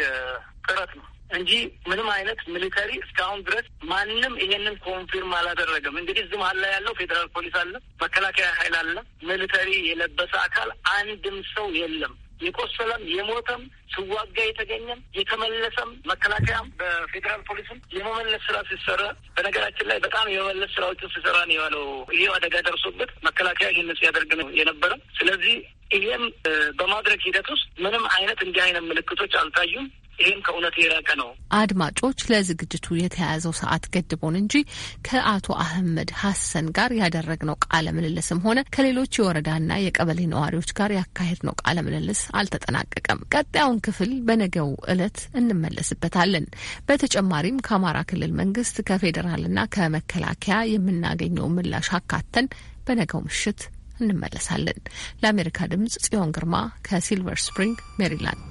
ጥረት ነው እንጂ ምንም አይነት ሚሊተሪ እስካሁን ድረስ ማንም ይሄንን ኮንፊርም አላደረገም። እንግዲህ እዚህ መሀል ላይ ያለው ፌዴራል ፖሊስ አለ፣ መከላከያ ኃይል አለ፣ ሚሊተሪ የለበሰ አካል አንድም ሰው የለም። የቆሰለም የሞተም ስዋጋ የተገኘም የተመለሰም መከላከያም በፌዴራል ፖሊስም የመመለስ ስራ ሲሰራ፣ በነገራችን ላይ በጣም የመመለስ ስራዎችን ሲሰራ ነው የዋለው። ይሄው አደጋ ደርሶበት መከላከያ ይህን ሲያደርግ ነው የነበረም። ስለዚህ ይህም በማድረግ ሂደት ውስጥ ምንም አይነት እንዲህ አይነት ምልክቶች አልታዩም። ይህም ከእውነት የራቀ ነው። አድማጮች፣ ለዝግጅቱ የተያዘው ሰዓት ገድቦን እንጂ ከአቶ አህመድ ሀሰን ጋር ያደረግነው ቃለ ምልልስም ሆነ ከሌሎች የወረዳና የቀበሌ ነዋሪዎች ጋር ያካሄድነው ቃለ ምልልስ አልተጠናቀቀም። ቀጣዩን ክፍል በነገው እለት እንመለስበታለን። በተጨማሪም ከአማራ ክልል መንግስት ከፌዴራልና ከመከላከያ የምናገኘው ምላሽ አካተን በነገው ምሽት እንመለሳለን። ለአሜሪካ ድምጽ ጽዮን ግርማ ከሲልቨር ስፕሪንግ ሜሪላንድ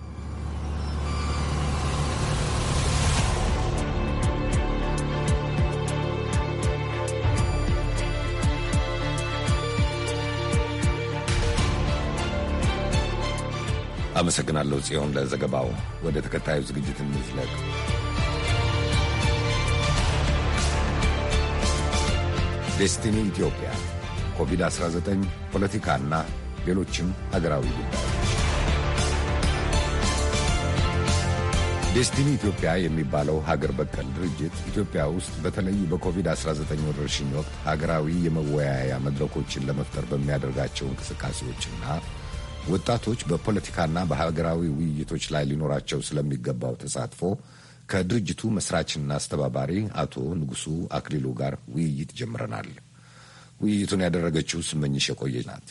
አመሰግናለሁ ጽዮን ለዘገባው። ወደ ተከታዩ ዝግጅት እንዝለቅ። ዴስቲኒ ኢትዮጵያ ኮቪድ-19፣ ፖለቲካና ሌሎችም ሀገራዊ ጉዳዮች። ዴስቲኒ ኢትዮጵያ የሚባለው ሀገር በቀል ድርጅት ኢትዮጵያ ውስጥ በተለይ በኮቪድ-19 ወረርሽኝ ወቅት ሀገራዊ የመወያያ መድረኮችን ለመፍጠር በሚያደርጋቸው እንቅስቃሴዎችና ወጣቶች በፖለቲካና በሀገራዊ ውይይቶች ላይ ሊኖራቸው ስለሚገባው ተሳትፎ ከድርጅቱ መስራችና አስተባባሪ አቶ ንጉሱ አክሊሉ ጋር ውይይት ጀምረናል። ውይይቱን ያደረገችው ስመኝሽ የቆየ ናት።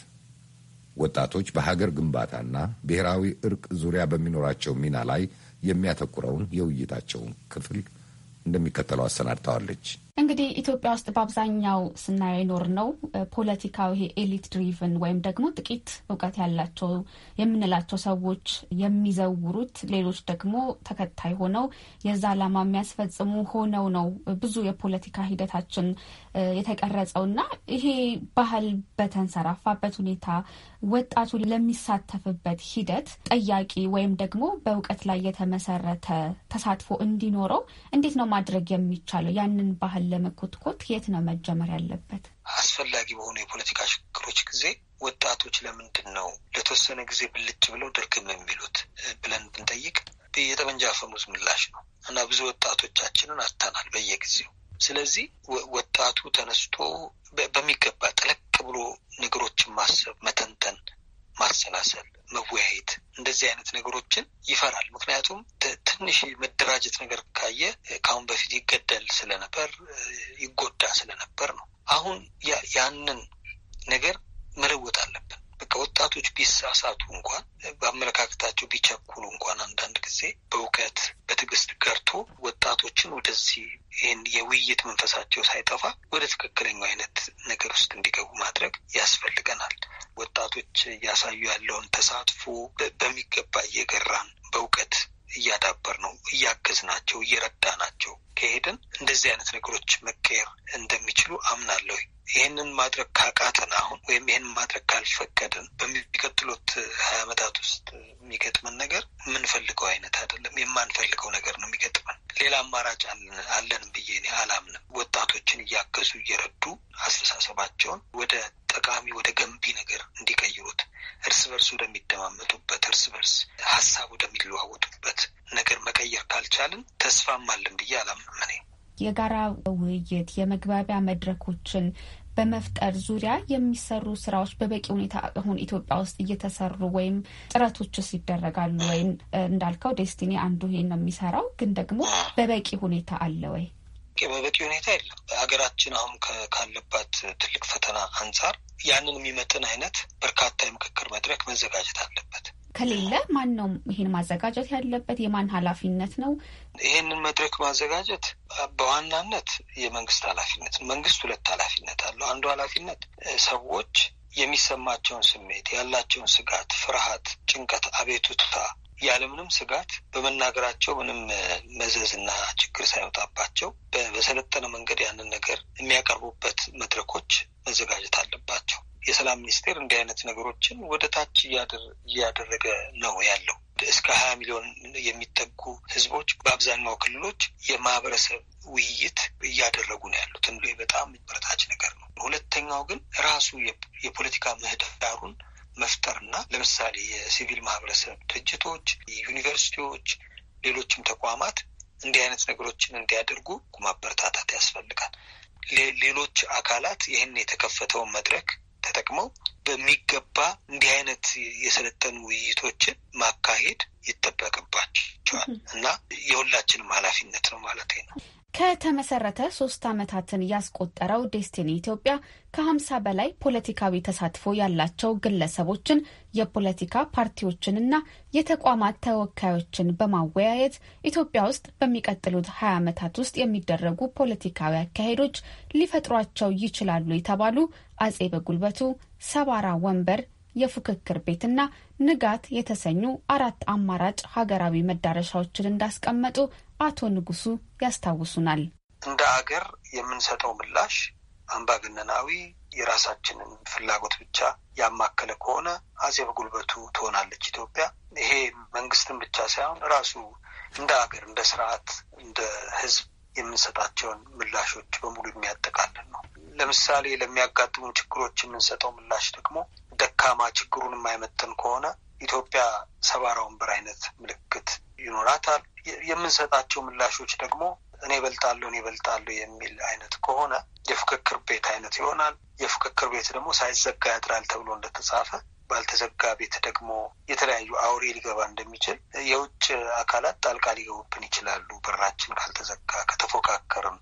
ወጣቶች በሀገር ግንባታና ብሔራዊ እርቅ ዙሪያ በሚኖራቸው ሚና ላይ የሚያተኩረውን የውይይታቸውን ክፍል እንደሚከተለው አሰናድተዋለች። እንግዲህ ኢትዮጵያ ውስጥ በአብዛኛው ስናየው ይኖር ነው ፖለቲካው ይሄ ኤሊት ድሪቭን ወይም ደግሞ ጥቂት እውቀት ያላቸው የምንላቸው ሰዎች የሚዘውሩት ሌሎች ደግሞ ተከታይ ሆነው የዛ ዓላማ የሚያስፈጽሙ ሆነው ነው ብዙ የፖለቲካ ሂደታችን የተቀረጸው እና ይሄ ባህል በተንሰራፋበት ሁኔታ ወጣቱ ለሚሳተፍበት ሂደት ጠያቂ ወይም ደግሞ በእውቀት ላይ የተመሰረተ ተሳትፎ እንዲኖረው እንዴት ነው ማድረግ የሚቻለው ያንን ባህል ያህል ለመኮትኮት የት ነው መጀመር ያለበት? አስፈላጊ በሆኑ የፖለቲካ ሽግግሮች ጊዜ ወጣቶች ለምንድን ነው ለተወሰነ ጊዜ ብልጭ ብለው ድርግም የሚሉት ብለን ብንጠይቅ የጠመንጃ አፈሙዝ ምላሽ ነው እና ብዙ ወጣቶቻችንን አጥተናል በየጊዜው። ስለዚህ ወጣቱ ተነስቶ በሚገባ ጠለቅ ብሎ ነገሮችን ማሰብ፣ መተንተን፣ ማሰላሰል፣ መወያየት እንደዚህ አይነት ነገሮችን ይፈራል። ምክንያቱም ትንሽ መደራጀት ነገር ካየ ከአሁን በፊት ይገደል ስለነበር ይጎዳ ስለነበር ነው። አሁን ያንን ነገር መለወጥ አለብን። ከወጣቶች ወጣቶች ቢሳሳቱ እንኳን በአመለካከታቸው ቢቸኩሉ እንኳን አንዳንድ ጊዜ በእውቀት በትዕግስት ገርቶ ወጣቶችን ወደዚህ ይህን የውይይት መንፈሳቸው ሳይጠፋ ወደ ትክክለኛው አይነት ነገር ውስጥ እንዲገቡ ማድረግ ያስፈልገናል። ወጣቶች እያሳዩ ያለውን ተሳትፎ በሚገባ እየገራን በእውቀት እያዳበር ነው እያገዝ ናቸው እየረዳ ናቸው ከሄድን እንደዚህ አይነት ነገሮች መቀየር እንደሚችሉ አምናለሁ። ይህንን ማድረግ ካቃተን አሁን ወይም ይህንን ማድረግ ካልፈቀድን በሚቀጥሉት ሀያ ዓመታት ውስጥ የሚገጥመን ነገር የምንፈልገው አይነት አይደለም። የማንፈልገው ነገር ነው የሚገጥመን። ሌላ አማራጭ አለን ብዬ እኔ አላምንም። ወጣቶችን እያገዙ እየረዱ አስተሳሰባቸውን ወደ ጠቃሚ ወደ ገንቢ ነገር እንዲቀይሩት እርስ በርስ ወደሚደማመጡበት፣ እርስ በርስ ሀሳብ ወደሚለዋወጡበት ነገር መቀየር ካልቻልን ተስፋም አለን ብዬ አላምንም። የጋራ ውይይት የመግባቢያ መድረኮችን በመፍጠር ዙሪያ የሚሰሩ ስራዎች በበቂ ሁኔታ አሁን ኢትዮጵያ ውስጥ እየተሰሩ ወይም ጥረቶችስ ይደረጋሉ ወይም እንዳልከው ዴስቲኒ አንዱ ይሄን ነው የሚሰራው፣ ግን ደግሞ በበቂ ሁኔታ አለ ወይ? ጥያቄ በበቂ ሁኔታ የለም። ሀገራችን አሁን ካለባት ትልቅ ፈተና አንጻር ያንን የሚመጥን አይነት በርካታ የምክክር መድረክ መዘጋጀት አለበት። ከሌለ ማን ነው ይህን ማዘጋጀት ያለበት? የማን ኃላፊነት ነው? ይህንን መድረክ ማዘጋጀት በዋናነት የመንግስት ኃላፊነት። መንግስት ሁለት ኃላፊነት አለው። አንዱ ኃላፊነት ሰዎች የሚሰማቸውን ስሜት ያላቸውን ስጋት፣ ፍርሃት፣ ጭንቀት፣ አቤቱታ ያለምንም ስጋት በመናገራቸው ምንም መዘዝና ችግር ሳይወጣባቸው በሰለጠነ መንገድ ያንን ነገር የሚያቀርቡበት መድረኮች መዘጋጀት አለባቸው። የሰላም ሚኒስቴር እንዲህ አይነት ነገሮችን ወደ ታች እያደረገ ነው ያለው። እስከ ሀያ ሚሊዮን የሚጠጉ ህዝቦች በአብዛኛው ክልሎች የማህበረሰብ ውይይት እያደረጉ ነው ያሉት። እንዲ በጣም በረታች ነገር ነው። ሁለተኛው ግን ራሱ የፖለቲካ ምህዳሩን መፍጠርና ለምሳሌ የሲቪል ማህበረሰብ ድርጅቶች፣ ዩኒቨርሲቲዎች፣ ሌሎችም ተቋማት እንዲህ አይነት ነገሮችን እንዲያደርጉ ማበረታታት ያስፈልጋል። ሌሎች አካላት ይህን የተከፈተውን መድረክ ተጠቅመው በሚገባ እንዲህ አይነት የሰለጠኑ ውይይቶችን ማካሄድ ይጠበቅባቸዋል እና የሁላችንም ኃላፊነት ነው ማለት ነው። ከተመሰረተ ሶስት ዓመታትን ያስቆጠረው ዴስቲኒ ኢትዮጵያ ከሀምሳ በላይ ፖለቲካዊ ተሳትፎ ያላቸው ግለሰቦችን የፖለቲካ ፓርቲዎችንና የተቋማት ተወካዮችን በማወያየት ኢትዮጵያ ውስጥ በሚቀጥሉት ሀያ ዓመታት ውስጥ የሚደረጉ ፖለቲካዊ አካሄዶች ሊፈጥሯቸው ይችላሉ የተባሉ አጼ በጉልበቱ፣ ሰባራ ወንበር የፉክክር ቤትና ንጋት የተሰኙ አራት አማራጭ ሀገራዊ መዳረሻዎችን እንዳስቀመጡ አቶ ንጉሱ ያስታውሱናል። እንደ አገር የምንሰጠው ምላሽ አምባገነናዊ የራሳችንን ፍላጎት ብቻ ያማከለ ከሆነ አዜብ በጉልበቱ ትሆናለች ኢትዮጵያ። ይሄ መንግስትን ብቻ ሳይሆን ራሱ እንደ ሀገር፣ እንደ ስርዓት፣ እንደ ህዝብ የምንሰጣቸውን ምላሾች በሙሉ የሚያጠቃልል ነው። ለምሳሌ ለሚያጋጥሙን ችግሮች የምንሰጠው ምላሽ ደግሞ ደካማ ችግሩን የማይመጥን ከሆነ ኢትዮጵያ ሰባራ ወንበር አይነት ምልክት ይኖራታል። የምንሰጣቸው ምላሾች ደግሞ እኔ እበልጣለሁ እኔ እበልጣለሁ የሚል አይነት ከሆነ የፉክክር ቤት አይነት ይሆናል። የፉክክር ቤት ደግሞ ሳይዘጋ ያድራል ተብሎ እንደተጻፈ ባልተዘጋ ቤት ደግሞ የተለያዩ አውሬ ሊገባ እንደሚችል የውጭ አካላት ጣልቃ ሊገቡብን ይችላሉ። በራችን ካልተዘጋ ከተፎካከርም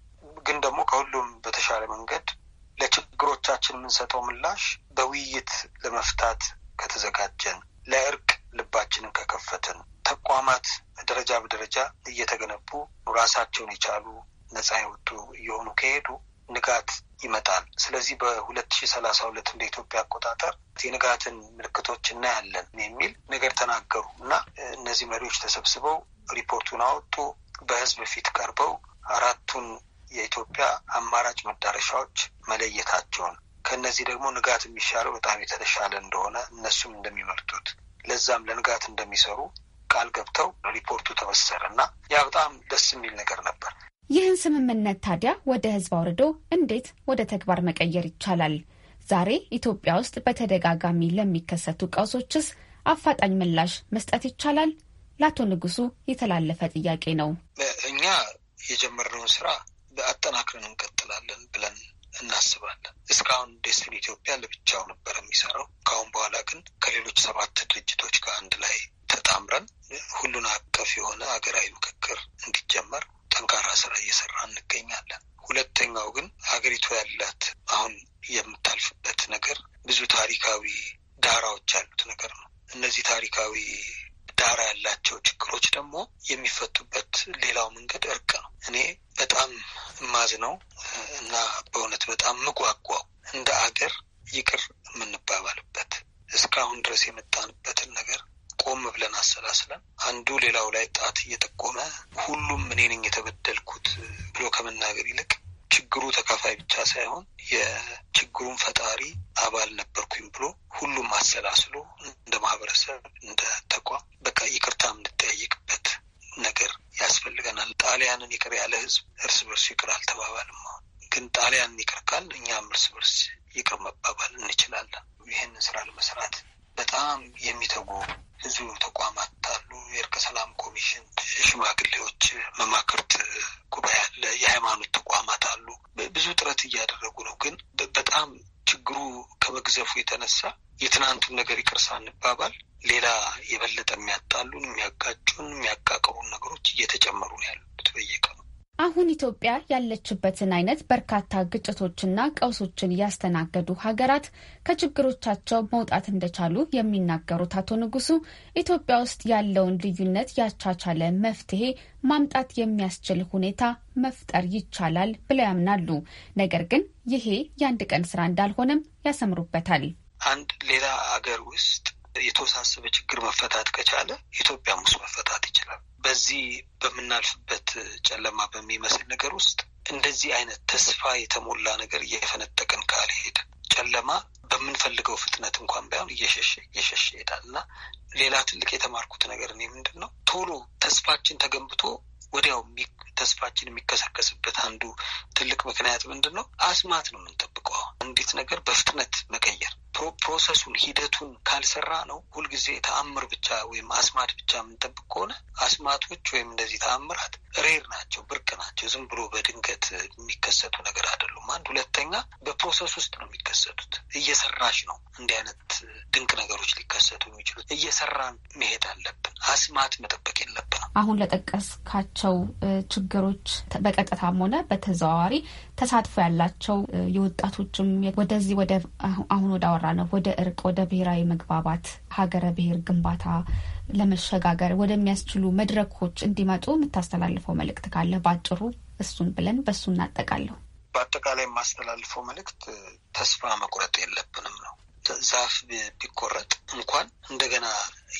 ግን ደግሞ ከሁሉም በተሻለ መንገድ ለችግሮቻችን የምንሰጠው ምላሽ በውይይት ለመፍታት ከተዘጋጀን፣ ለእርቅ ልባችንን ከከፈትን ተቋማት ደረጃ በደረጃ እየተገነቡ ራሳቸውን የቻሉ ነጻ የወጡ እየሆኑ ከሄዱ ንጋት ይመጣል። ስለዚህ በሁለት ሺ ሰላሳ ሁለት እንደ ኢትዮጵያ አቆጣጠር የንጋትን ምልክቶች እናያለን የሚል ነገር ተናገሩ እና እነዚህ መሪዎች ተሰብስበው ሪፖርቱን አወጡ። በህዝብ ፊት ቀርበው አራቱን የኢትዮጵያ አማራጭ መዳረሻዎች መለየታቸውን ከእነዚህ ደግሞ ንጋት የሚሻለው በጣም የተሻለ እንደሆነ እነሱም እንደሚመርጡት ለዛም ለንጋት እንደሚሰሩ ቃል ገብተው ሪፖርቱ ተበሰረ እና ያ በጣም ደስ የሚል ነገር ነበር። ይህን ስምምነት ታዲያ ወደ ህዝብ አውርዶ እንዴት ወደ ተግባር መቀየር ይቻላል? ዛሬ ኢትዮጵያ ውስጥ በተደጋጋሚ ለሚከሰቱ ቀውሶችስ አፋጣኝ ምላሽ መስጠት ይቻላል? ለአቶ ንጉሱ የተላለፈ ጥያቄ ነው። እኛ የጀመርነውን ስራ አጠናክረን እንቀጥላለን ብለን እናስባለን። እስካሁን ዴስቲኒ ኢትዮጵያ ለብቻው ነበር የሚሰራው። ከአሁን በኋላ ግን ከሌሎች ሰባት ድርጅቶች ጋር አንድ ላይ ተጣምረን ሁሉን አቀፍ የሆነ ሀገራዊ ምክክር እንዲጀመር ጠንካራ ስራ እየሰራ እንገኛለን። ሁለተኛው ግን ሀገሪቱ ያላት አሁን የምታልፍበት ነገር ብዙ ታሪካዊ ዳራዎች ያሉት ነገር ነው። እነዚህ ታሪካዊ ዳራ ያላቸው ችግሮች ደግሞ የሚፈቱበት ሌላው መንገድ እርቅ ነው። እኔ በጣም እማዝ ነው እና በእውነት በጣም ምጓጓው እንደ አገር ይቅር የምንባባልበት እስካሁን ድረስ የመጣንበትን ነገር ቆም ብለን አሰላስለን አንዱ ሌላው ላይ ጣት እየጠቆመ ሁሉም እኔ ነኝ የተበደልኩት ብሎ ከመናገር ይልቅ ችግሩ ተካፋይ ብቻ ሳይሆን የችግሩን ፈጣሪ አባል ነበርኩኝ ብሎ ሁሉም አሰላስሎ እንደ ማህበረሰብ፣ እንደ ተቋም በቃ ይቅርታ የምንጠያየቅበት ነገር ያስፈልገናል። ጣሊያንን ይቅር ያለ ህዝብ እርስ በርሱ ይቅር አልተባባልም። አሁን ግን ጣሊያንን ይቅር ካል እኛም እርስ በርስ ይቅር መባባል እንችላለን። ይህንን ስራ ለመስራት በጣም የሚተጉ ብዙ ተቋማት አሉ። የእርቀ ሰላም ኮሚሽን፣ ሽማግሌዎች፣ መማክርት ጉባኤ አለ፣ የሃይማኖት ተቋማት አሉ። ብዙ ጥረት እያደረጉ ነው። ግን በጣም ችግሩ ከመግዘፉ የተነሳ የትናንቱን ነገር ይቅርሳ እንባባል ኢትዮጵያ ያለችበትን አይነት በርካታ ግጭቶችና ቀውሶችን ያስተናገዱ ሀገራት ከችግሮቻቸው መውጣት እንደቻሉ የሚናገሩት አቶ ንጉሱ ኢትዮጵያ ውስጥ ያለውን ልዩነት ያቻቻለ መፍትሄ ማምጣት የሚያስችል ሁኔታ መፍጠር ይቻላል ብለው ያምናሉ። ነገር ግን ይሄ የአንድ ቀን ስራ እንዳልሆነም ያሰምሩበታል። አንድ ሌላ አገር ውስጥ የተወሳሰበ ችግር መፈታት ከቻለ ኢትዮጵያም ውስጥ መፈታት ይችላል። በዚህ በምናልፍበት ጨለማ በሚመስል ነገር ውስጥ እንደዚህ አይነት ተስፋ የተሞላ ነገር እየፈነጠቅን ካልሄድ ጨለማ በምንፈልገው ፍጥነት እንኳን ባይሆን እየሸሸ እየሸሸ ይሄዳል እና ሌላ ትልቅ የተማርኩት ነገር እኔ ምንድን ነው ቶሎ ተስፋችን ተገንብቶ ወዲያው ተስፋችን የሚከሰከስበት አንዱ ትልቅ ምክንያት ምንድን ነው? አስማት ነው የምንጠብቀው። እንዴት ነገር በፍጥነት መቀየር ፕሮሰሱን ሂደቱን ካልሰራ ነው ሁልጊዜ ተአምር ብቻ ወይም አስማት ብቻ የምንጠብቅ ከሆነ አስማቶች ወይም እንደዚህ ተአምራት ሬር ናቸው፣ ብርቅ ናቸው። ዝም ብሎ በድንገት የሚከሰቱ ነገር አይደሉም። አንድ ሁለተኛ በፕሮሰስ ውስጥ ነው የሚከሰቱት። እየሰራሽ ነው እንዲህ አይነት ድንቅ ነገሮች ሊከሰቱ የሚችሉት። እየሰራን መሄድ አለብን። አስማት መጠበቅ የለብንም። አሁን ለጠቀስካቸው ችግሮች በቀጥታም ሆነ በተዘዋዋሪ ተሳትፎ ያላቸው የወጣቶችም ወደዚህ ወደ አሁን ወደ አወራ ነው ወደ እርቅ ወደ ብሔራዊ መግባባት ሀገረ ብሔር ግንባታ ለመሸጋገር ወደሚያስችሉ መድረኮች እንዲመጡ የምታስተላልፈው መልእክት ካለ በአጭሩ እሱን ብለን በእሱ እናጠቃለሁ። በአጠቃላይ የማስተላልፈው መልእክት ተስፋ መቁረጥ የለብንም ነው። ዛፍ ቢቆረጥ እንኳን እንደገና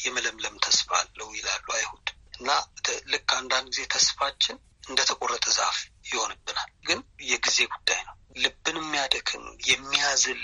የመለምለም ተስፋ አለው ይላሉ አይሁድ እና ልክ አንዳንድ ጊዜ ተስፋችን እንደተቆረጠ ዛፍ ይሆንብናል። ግን የጊዜ ጉዳይ ነው። ልብን የሚያደክም የሚያዝል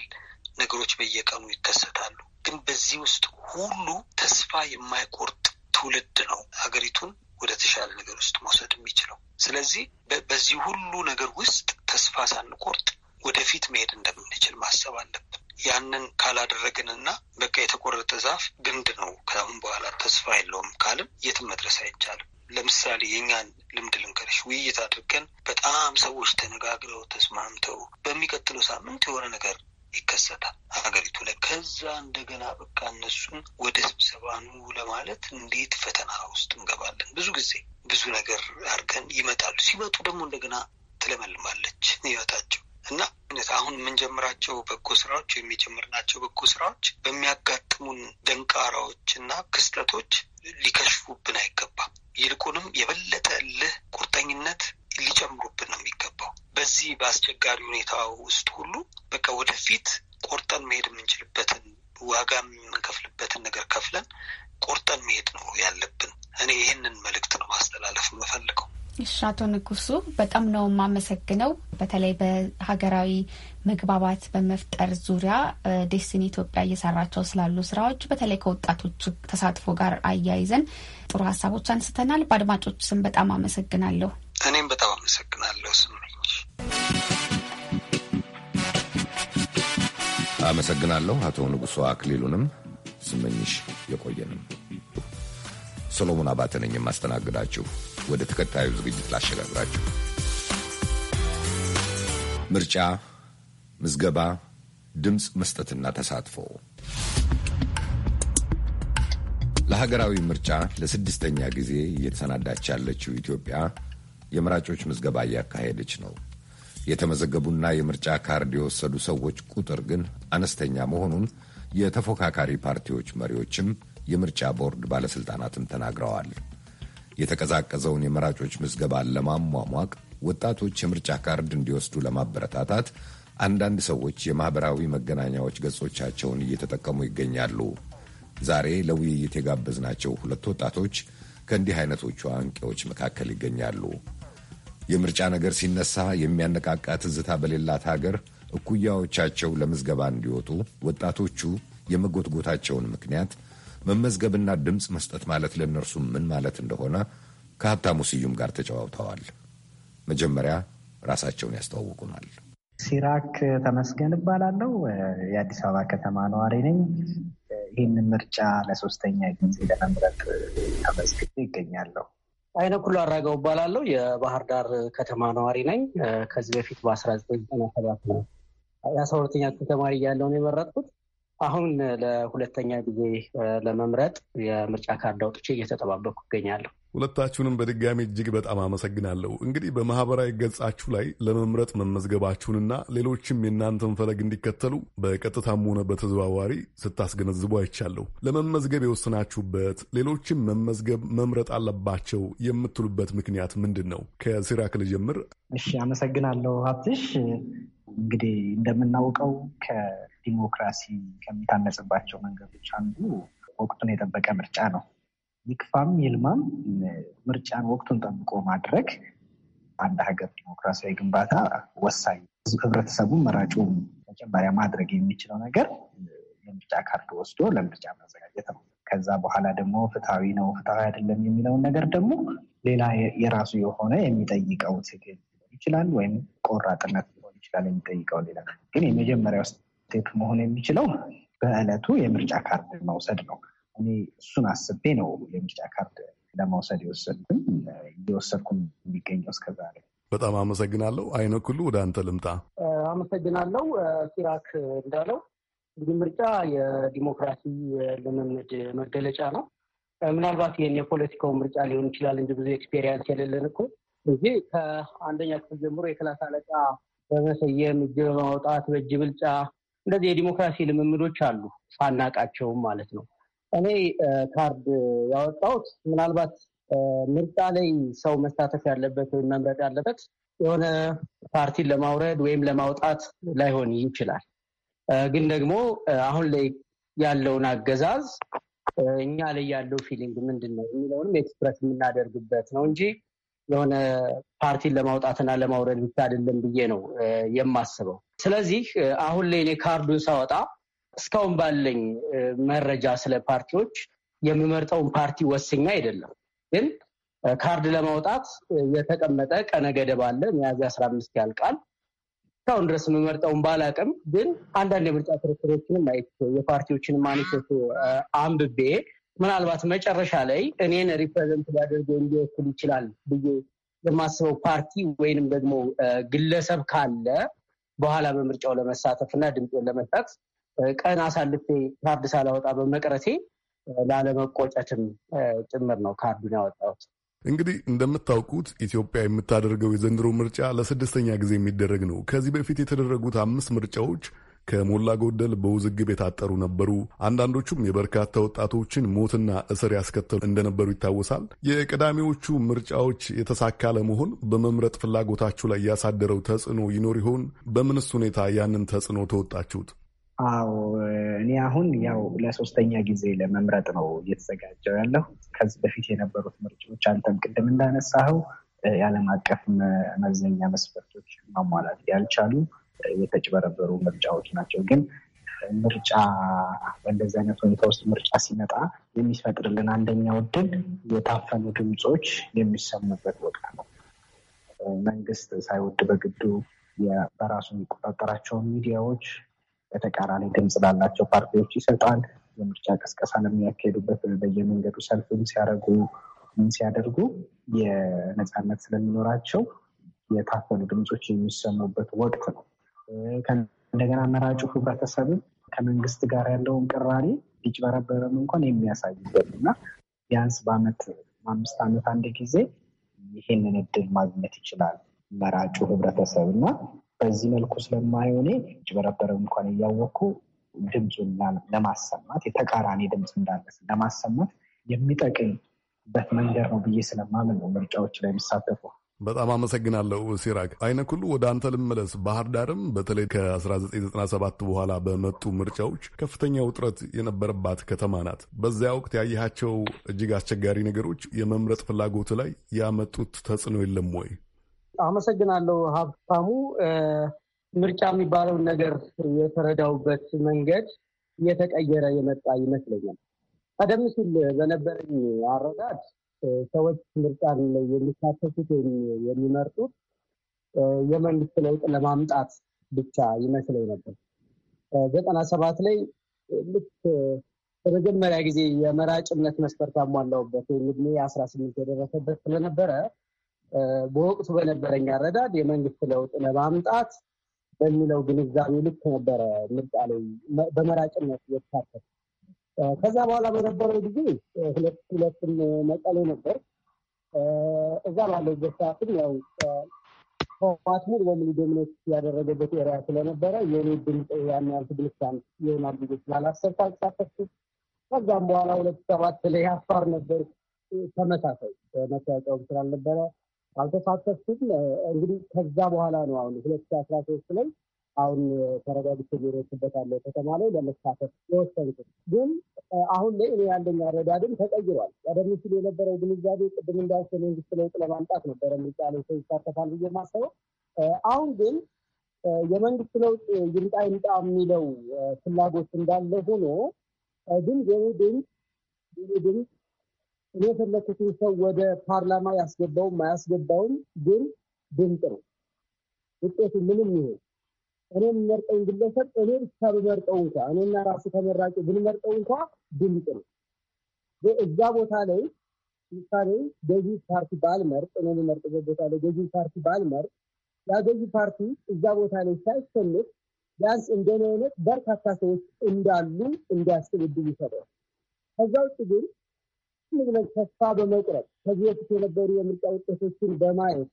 ነገሮች በየቀኑ ይከሰታሉ። ግን በዚህ ውስጥ ሁሉ ተስፋ የማይቆርጥ ትውልድ ነው ሀገሪቱን ወደ ተሻለ ነገር ውስጥ መውሰድ የሚችለው። ስለዚህ በዚህ ሁሉ ነገር ውስጥ ተስፋ ሳንቆርጥ ወደፊት መሄድ እንደምንችል ማሰብ አለብን። ያንን ካላደረግንና በቃ የተቆረጠ ዛፍ ግንድ ነው ከአሁን በኋላ ተስፋ የለውም ካልን የትም መድረስ አይቻልም። ለምሳሌ የእኛን ልምድ ልንገርሽ፣ ውይይት አድርገን በጣም ሰዎች ተነጋግረው ተስማምተው በሚቀጥለው ሳምንት የሆነ ነገር ይከሰታል ሀገሪቱ ላይ። ከዛ እንደገና በቃ እነሱን ወደ ስብሰባ ኑ ለማለት እንዴት ፈተና ውስጥ እንገባለን? ብዙ ጊዜ ብዙ ነገር አድርገን ይመጣሉ። ሲመጡ ደግሞ እንደገና ትለመልማለች ህይወታቸው እና አሁን የምንጀምራቸው በጎ ስራዎች ወይም የጀመርናቸው በጎ ስራዎች በሚያጋጥሙን ደንቃራዎች እና ክስተቶች ሊከሽፉብን አይገባም። ይልቁንም የበለጠ እልህ፣ ቁርጠኝነት ሊጨምሩብን ነው የሚገባው። በዚህ በአስቸጋሪ ሁኔታ ውስጥ ሁሉ በቃ ወደፊት ቆርጠን መሄድ የምንችልበትን ዋጋ የምንከፍልበትን ነገር ከፍለን ቆርጠን መሄድ ነው ያለብን። እኔ ይህንን መልእክት ነው ማስተላለፍ የምፈልገው። እሺ፣ አቶ ንጉሱ በጣም ነው የማመሰግነው። በተለይ በሀገራዊ መግባባት በመፍጠር ዙሪያ ዴስቲኒ ኢትዮጵያ እየሰራቸው ስላሉ ስራዎች በተለይ ከወጣቶች ተሳትፎ ጋር አያይዘን ጥሩ ሀሳቦች አንስተናል። በአድማጮች ስም በጣም አመሰግናለሁ። እኔም በጣም አመሰግናለሁ። ስምች አመሰግናለሁ አቶ ንጉሱ አክሊሉንም ስመኝሽ የቆየንም ሰሎሞን አባተ ነኝ የማስተናግዳችሁ። ወደ ተከታዩ ዝግጅት ላሸጋግራችሁ። ምርጫ፣ ምዝገባ፣ ድምፅ መስጠትና ተሳትፎ ለሀገራዊ ምርጫ ለስድስተኛ ጊዜ እየተሰናዳች ያለችው ኢትዮጵያ የመራጮች ምዝገባ እያካሄደች ነው። የተመዘገቡና የምርጫ ካርድ የወሰዱ ሰዎች ቁጥር ግን አነስተኛ መሆኑን የተፎካካሪ ፓርቲዎች መሪዎችም የምርጫ ቦርድ ባለሥልጣናትም ተናግረዋል። የተቀዛቀዘውን የመራጮች ምዝገባን ለማሟሟቅ፣ ወጣቶች የምርጫ ካርድ እንዲወስዱ ለማበረታታት አንዳንድ ሰዎች የማኅበራዊ መገናኛዎች ገጾቻቸውን እየተጠቀሙ ይገኛሉ። ዛሬ ለውይይት የጋበዝናቸው ሁለት ወጣቶች ከእንዲህ አይነቶቹ አንቂዎች መካከል ይገኛሉ። የምርጫ ነገር ሲነሳ የሚያነቃቃ ትዝታ በሌላት ሀገር እኩያዎቻቸው ለምዝገባ እንዲወጡ ወጣቶቹ የመጎትጎታቸውን ምክንያት መመዝገብና ድምፅ መስጠት ማለት ለእነርሱ ምን ማለት እንደሆነ ከሀብታሙ ስዩም ጋር ተጨዋውተዋል። መጀመሪያ ራሳቸውን ያስተዋውቁናል። ሲራክ ተመስገን እባላለሁ። የአዲስ አበባ ከተማ ነዋሪ ነኝ። ይህንን ምርጫ ለሶስተኛ ጊዜ ለመምረጥ ተመዝግቤ ይገኛለሁ። አይነ ኩሉ አራገው እባላለሁ። የባህር ዳር ከተማ ነዋሪ ነኝ። ከዚህ በፊት በ1997 ነው የአስራ ሁለተኛ ተማሪ እያለሁ ነው የመረጥኩት። አሁን ለሁለተኛ ጊዜ ለመምረጥ የምርጫ ካርድ አውጥቼ እየተጠባበኩ ይገኛለሁ። ሁለታችሁንም በድጋሚ እጅግ በጣም አመሰግናለሁ። እንግዲህ በማህበራዊ ገጻችሁ ላይ ለመምረጥ መመዝገባችሁንና ሌሎችም የእናንተን ፈለግ እንዲከተሉ በቀጥታም ሆነ በተዘዋዋሪ ስታስገነዝቡ አይቻለሁ። ለመመዝገብ የወሰናችሁበት ሌሎችም መመዝገብ መምረጥ አለባቸው የምትሉበት ምክንያት ምንድን ነው? ከሲራክ ልጀምር። እሺ፣ አመሰግናለሁ ሀብትሽ። እንግዲህ እንደምናውቀው ከዲሞክራሲ ከሚታነጽባቸው መንገዶች አንዱ ወቅቱን የጠበቀ ምርጫ ነው። ይክፋም ይልማም ምርጫን ወቅቱን ጠብቆ ማድረግ አንድ ሀገር ዲሞክራሲያዊ ግንባታ ወሳኝ፣ ህብረተሰቡን መራጩ መጀመሪያ ማድረግ የሚችለው ነገር የምርጫ ካርድ ወስዶ ለምርጫ መዘጋጀት ነው። ከዛ በኋላ ደግሞ ፍትሐዊ ነው ፍትሐዊ አይደለም የሚለውን ነገር ደግሞ ሌላ የራሱ የሆነ የሚጠይቀው ትግል ይችላል ወይም ቆራጥነት ይችላል የሚጠይቀው ሌላ። ግን የመጀመሪያው ስቴፕ መሆን የሚችለው በእለቱ የምርጫ ካርድ መውሰድ ነው። እኔ እሱን አስቤ ነው የምርጫ ካርድ ለመውሰድ የወሰድኩኝ እየወሰድኩም የሚገኘው እስከዛ በጣም አመሰግናለሁ። አይነኩሉ ወደ አንተ ልምጣ። አመሰግናለሁ። ሲራክ እንዳለው እንግዲህ ምርጫ የዲሞክራሲ ልምምድ መገለጫ ነው። ምናልባት ይህን የፖለቲካው ምርጫ ሊሆን ይችላል እንጂ ብዙ ኤክስፔሪንስ የሌለን እኮ እዚህ ከአንደኛ ክፍል ጀምሮ የክላስ አለቃ በመሰየም እጅ በማውጣት በእጅ ብልጫ እንደዚህ የዲሞክራሲ ልምምዶች አሉ ሳናቃቸውም ማለት ነው። እኔ ካርድ ያወጣሁት ምናልባት ምርጫ ላይ ሰው መሳተፍ ያለበት ወይም መምረጥ ያለበት የሆነ ፓርቲን ለማውረድ ወይም ለማውጣት ላይሆን ይችላል። ግን ደግሞ አሁን ላይ ያለውን አገዛዝ እኛ ላይ ያለው ፊሊንግ ምንድን ነው የሚለውንም ኤክስፕረስ የምናደርግበት ነው እንጂ የሆነ ፓርቲን ለማውጣትና ለማውረድ ብቻ አይደለም ብዬ ነው የማስበው። ስለዚህ አሁን ላይ እኔ ካርዱን ሳወጣ እስካሁን ባለኝ መረጃ ስለ ፓርቲዎች የምመርጠውን ፓርቲ ወስኛ አይደለም ግን ካርድ ለማውጣት የተቀመጠ ቀነ ገደብ አለ። ሚያዝያ አስራ አምስት ያልቃል። እስካሁን ድረስ የምመርጠውን ባላቅም ግን አንዳንድ የምርጫ ክርክሮችንም የፓርቲዎችን ማኒፌስቶ አንብቤ ምናልባት መጨረሻ ላይ እኔን ሪፕሬዘንት ሊያደርገው እንዲወክል ይችላል ብዬ የማስበው ፓርቲ ወይንም ደግሞ ግለሰብ ካለ በኋላ በምርጫው ለመሳተፍ እና ድምፅን ለመስጠት ቀን አሳልፌ ካርድ ሳላወጣ በመቅረቴ ላለመቆጨትም ጭምር ነው ካርዱን ያወጣሁት። እንግዲህ እንደምታውቁት ኢትዮጵያ የምታደርገው የዘንድሮ ምርጫ ለስድስተኛ ጊዜ የሚደረግ ነው። ከዚህ በፊት የተደረጉት አምስት ምርጫዎች ከሞላ ጎደል በውዝግብ የታጠሩ ነበሩ። አንዳንዶቹም የበርካታ ወጣቶችን ሞትና እስር ያስከተሉ እንደነበሩ ይታወሳል። የቀዳሚዎቹ ምርጫዎች የተሳካ ለመሆን በመምረጥ ፍላጎታችሁ ላይ ያሳደረው ተጽዕኖ ይኖር ይሆን? በምንስ ሁኔታ ያንን ተጽዕኖ ተወጣችሁት? አዎ እኔ አሁን ያው ለሶስተኛ ጊዜ ለመምረጥ ነው እየተዘጋጀው ያለሁ። ከዚህ በፊት የነበሩት ምርጫዎች አንተም ቅድም እንዳነሳኸው የዓለም አቀፍ መዘኛ መስፈርቶች ማሟላት ያልቻሉ የተጭበረበሩ ምርጫዎች ናቸው። ግን ምርጫ በእንደዚህ አይነት ሁኔታ ውስጥ ምርጫ ሲመጣ የሚፈጥርልን አንደኛው ድል የታፈኑ ድምፆች የሚሰሙበት ወቅት ነው። መንግስት ሳይወድ በግዱ በራሱ የሚቆጣጠራቸውን ሚዲያዎች በተቃራኒ ድምፅ ላላቸው ፓርቲዎች ይሰጣል። የምርጫ ቀስቀሳ ለሚያካሄዱበት በየመንገዱ ሰልፍም ሲያደርጉ ምን ሲያደርጉ የነፃነት ስለሚኖራቸው የታፈኑ ድምፆች የሚሰሙበት ወቅት ነው። እንደገና መራጩ ህብረተሰብ ከመንግስት ጋር ያለውን ቅራኔ ቢጭበረበረም እንኳን የሚያሳይበት እና ቢያንስ በአመት አምስት ዓመት አንድ ጊዜ ይህንን እድል ማግኘት ይችላል መራጩ ህብረተሰብ እና በዚህ መልኩ ስለማይሆኔ ጭበረበረም እንኳን እያወቅኩ ድምፁን ለማሰማት የተቃራኒ ድምፅ እንዳለ ለማሰማት የሚጠቅምበት መንገድ ነው ብዬ ስለማምን ነው ምርጫዎች ላይ የሚሳተፉ። በጣም አመሰግናለሁ ሲራክ አይነ ሁሉ ወደ አንተ ልመለስ። ባህር ዳርም በተለይ ከ1997 በኋላ በመጡ ምርጫዎች ከፍተኛ ውጥረት የነበረባት ከተማ ናት። በዚያ ወቅት ያየሃቸው እጅግ አስቸጋሪ ነገሮች የመምረጥ ፍላጎት ላይ ያመጡት ተጽዕኖ የለም ወይ? አመሰግናለሁ ሀብታሙ። ምርጫ የሚባለውን ነገር የተረዳውበት መንገድ እየተቀየረ የመጣ ይመስለኛል። ቀደም ሲል በነበረኝ አረዳድ ሰዎች ምርጫን የሚሳተፉት ወይም የሚመርጡት የመንግስት ለውጥ ለማምጣት ብቻ ይመስለኝ ነበር። ዘጠና ሰባት ላይ ልክ በመጀመሪያ ጊዜ የመራጭነት መስፈርት ያሟላውበት ወይም እድሜ አስራ ስምንት የደረሰበት ስለነበረ በወቅቱ በነበረኝ አረዳድ የመንግስት ለውጥ ለማምጣት በሚለው ግንዛቤ ልክ ነበረ ምርጫ ላይ በመራጭነት የተሳተፉ ከዛ በኋላ በነበረው ጊዜ ሁለት ሁለትም መቀሌ ነበር። እዛ ባለበት ሰዓትም ያው ህወሓት ሙሉ በሙሉ ዶሚኔት ያደረገበት ኤሪያ ስለነበረ የኔ ድምፅ ያን ያህል ትግልሳን የሆና ብዬ ስላላሰብኩ አልተሳተፍኩም። ከዛም በኋላ ሁለት ሰባት ላይ አፋር ነበር ተመሳሳይ መታወቂያውም ስላልነበረ አልተሳተፍኩም። እንግዲህ ከዛ በኋላ ነው አሁን ሁለት ሺህ አስራ ሶስት ላይ አሁን ተረጋግቼ ሊሮችበታለሁ ከተማ ላይ ለመሳተፍ የወሰንኩት ግን አሁን ላይ እኔ ያለኝ አረዳድም ተቀይሯል። ቀደም ሲል የነበረው ግንዛቤ ቅድም እንዳልኩ መንግስት ለውጥ ለማምጣት ነበረ የሚባለው ሰው ይሳተፋል ብዬ ማሰበው። አሁን ግን የመንግስት ለውጥ ይምጣ ይምጣ የሚለው ፍላጎት እንዳለ ሆኖ ግን የኔ ድምፅ የኔ ድምፅ እኔ የፈለኩትን ሰው ወደ ፓርላማ ያስገባውም አያስገባውም ግን ድምፅ ነው። ውጤቱ ምንም ይሁን እኔ የሚመርጠኝ ግለሰብ እኔ ብቻ ብመርጠው እንኳ እኔና ራሱ ተመራጭ ብንመርጠው እንኳ ድምፅ ነው። እዛ ቦታ ላይ ምሳሌ ገዢ ፓርቲ ባልመርጥ እኔ የሚመርጥበት ቦታ ላይ ገዢ ፓርቲ ባልመርጥ ያ ገዢ ፓርቲ እዛ ቦታ ላይ ሳይሸንፍ ቢያንስ እንደኔ አይነት በርካታ ሰዎች እንዳሉ እንዲያስብ እድል ይሰጠዋል። ከዛ ውጭ ግን ተስፋ በመቁረጥ ከዚህ በፊት የነበሩ የምርጫ ውጤቶችን በማየት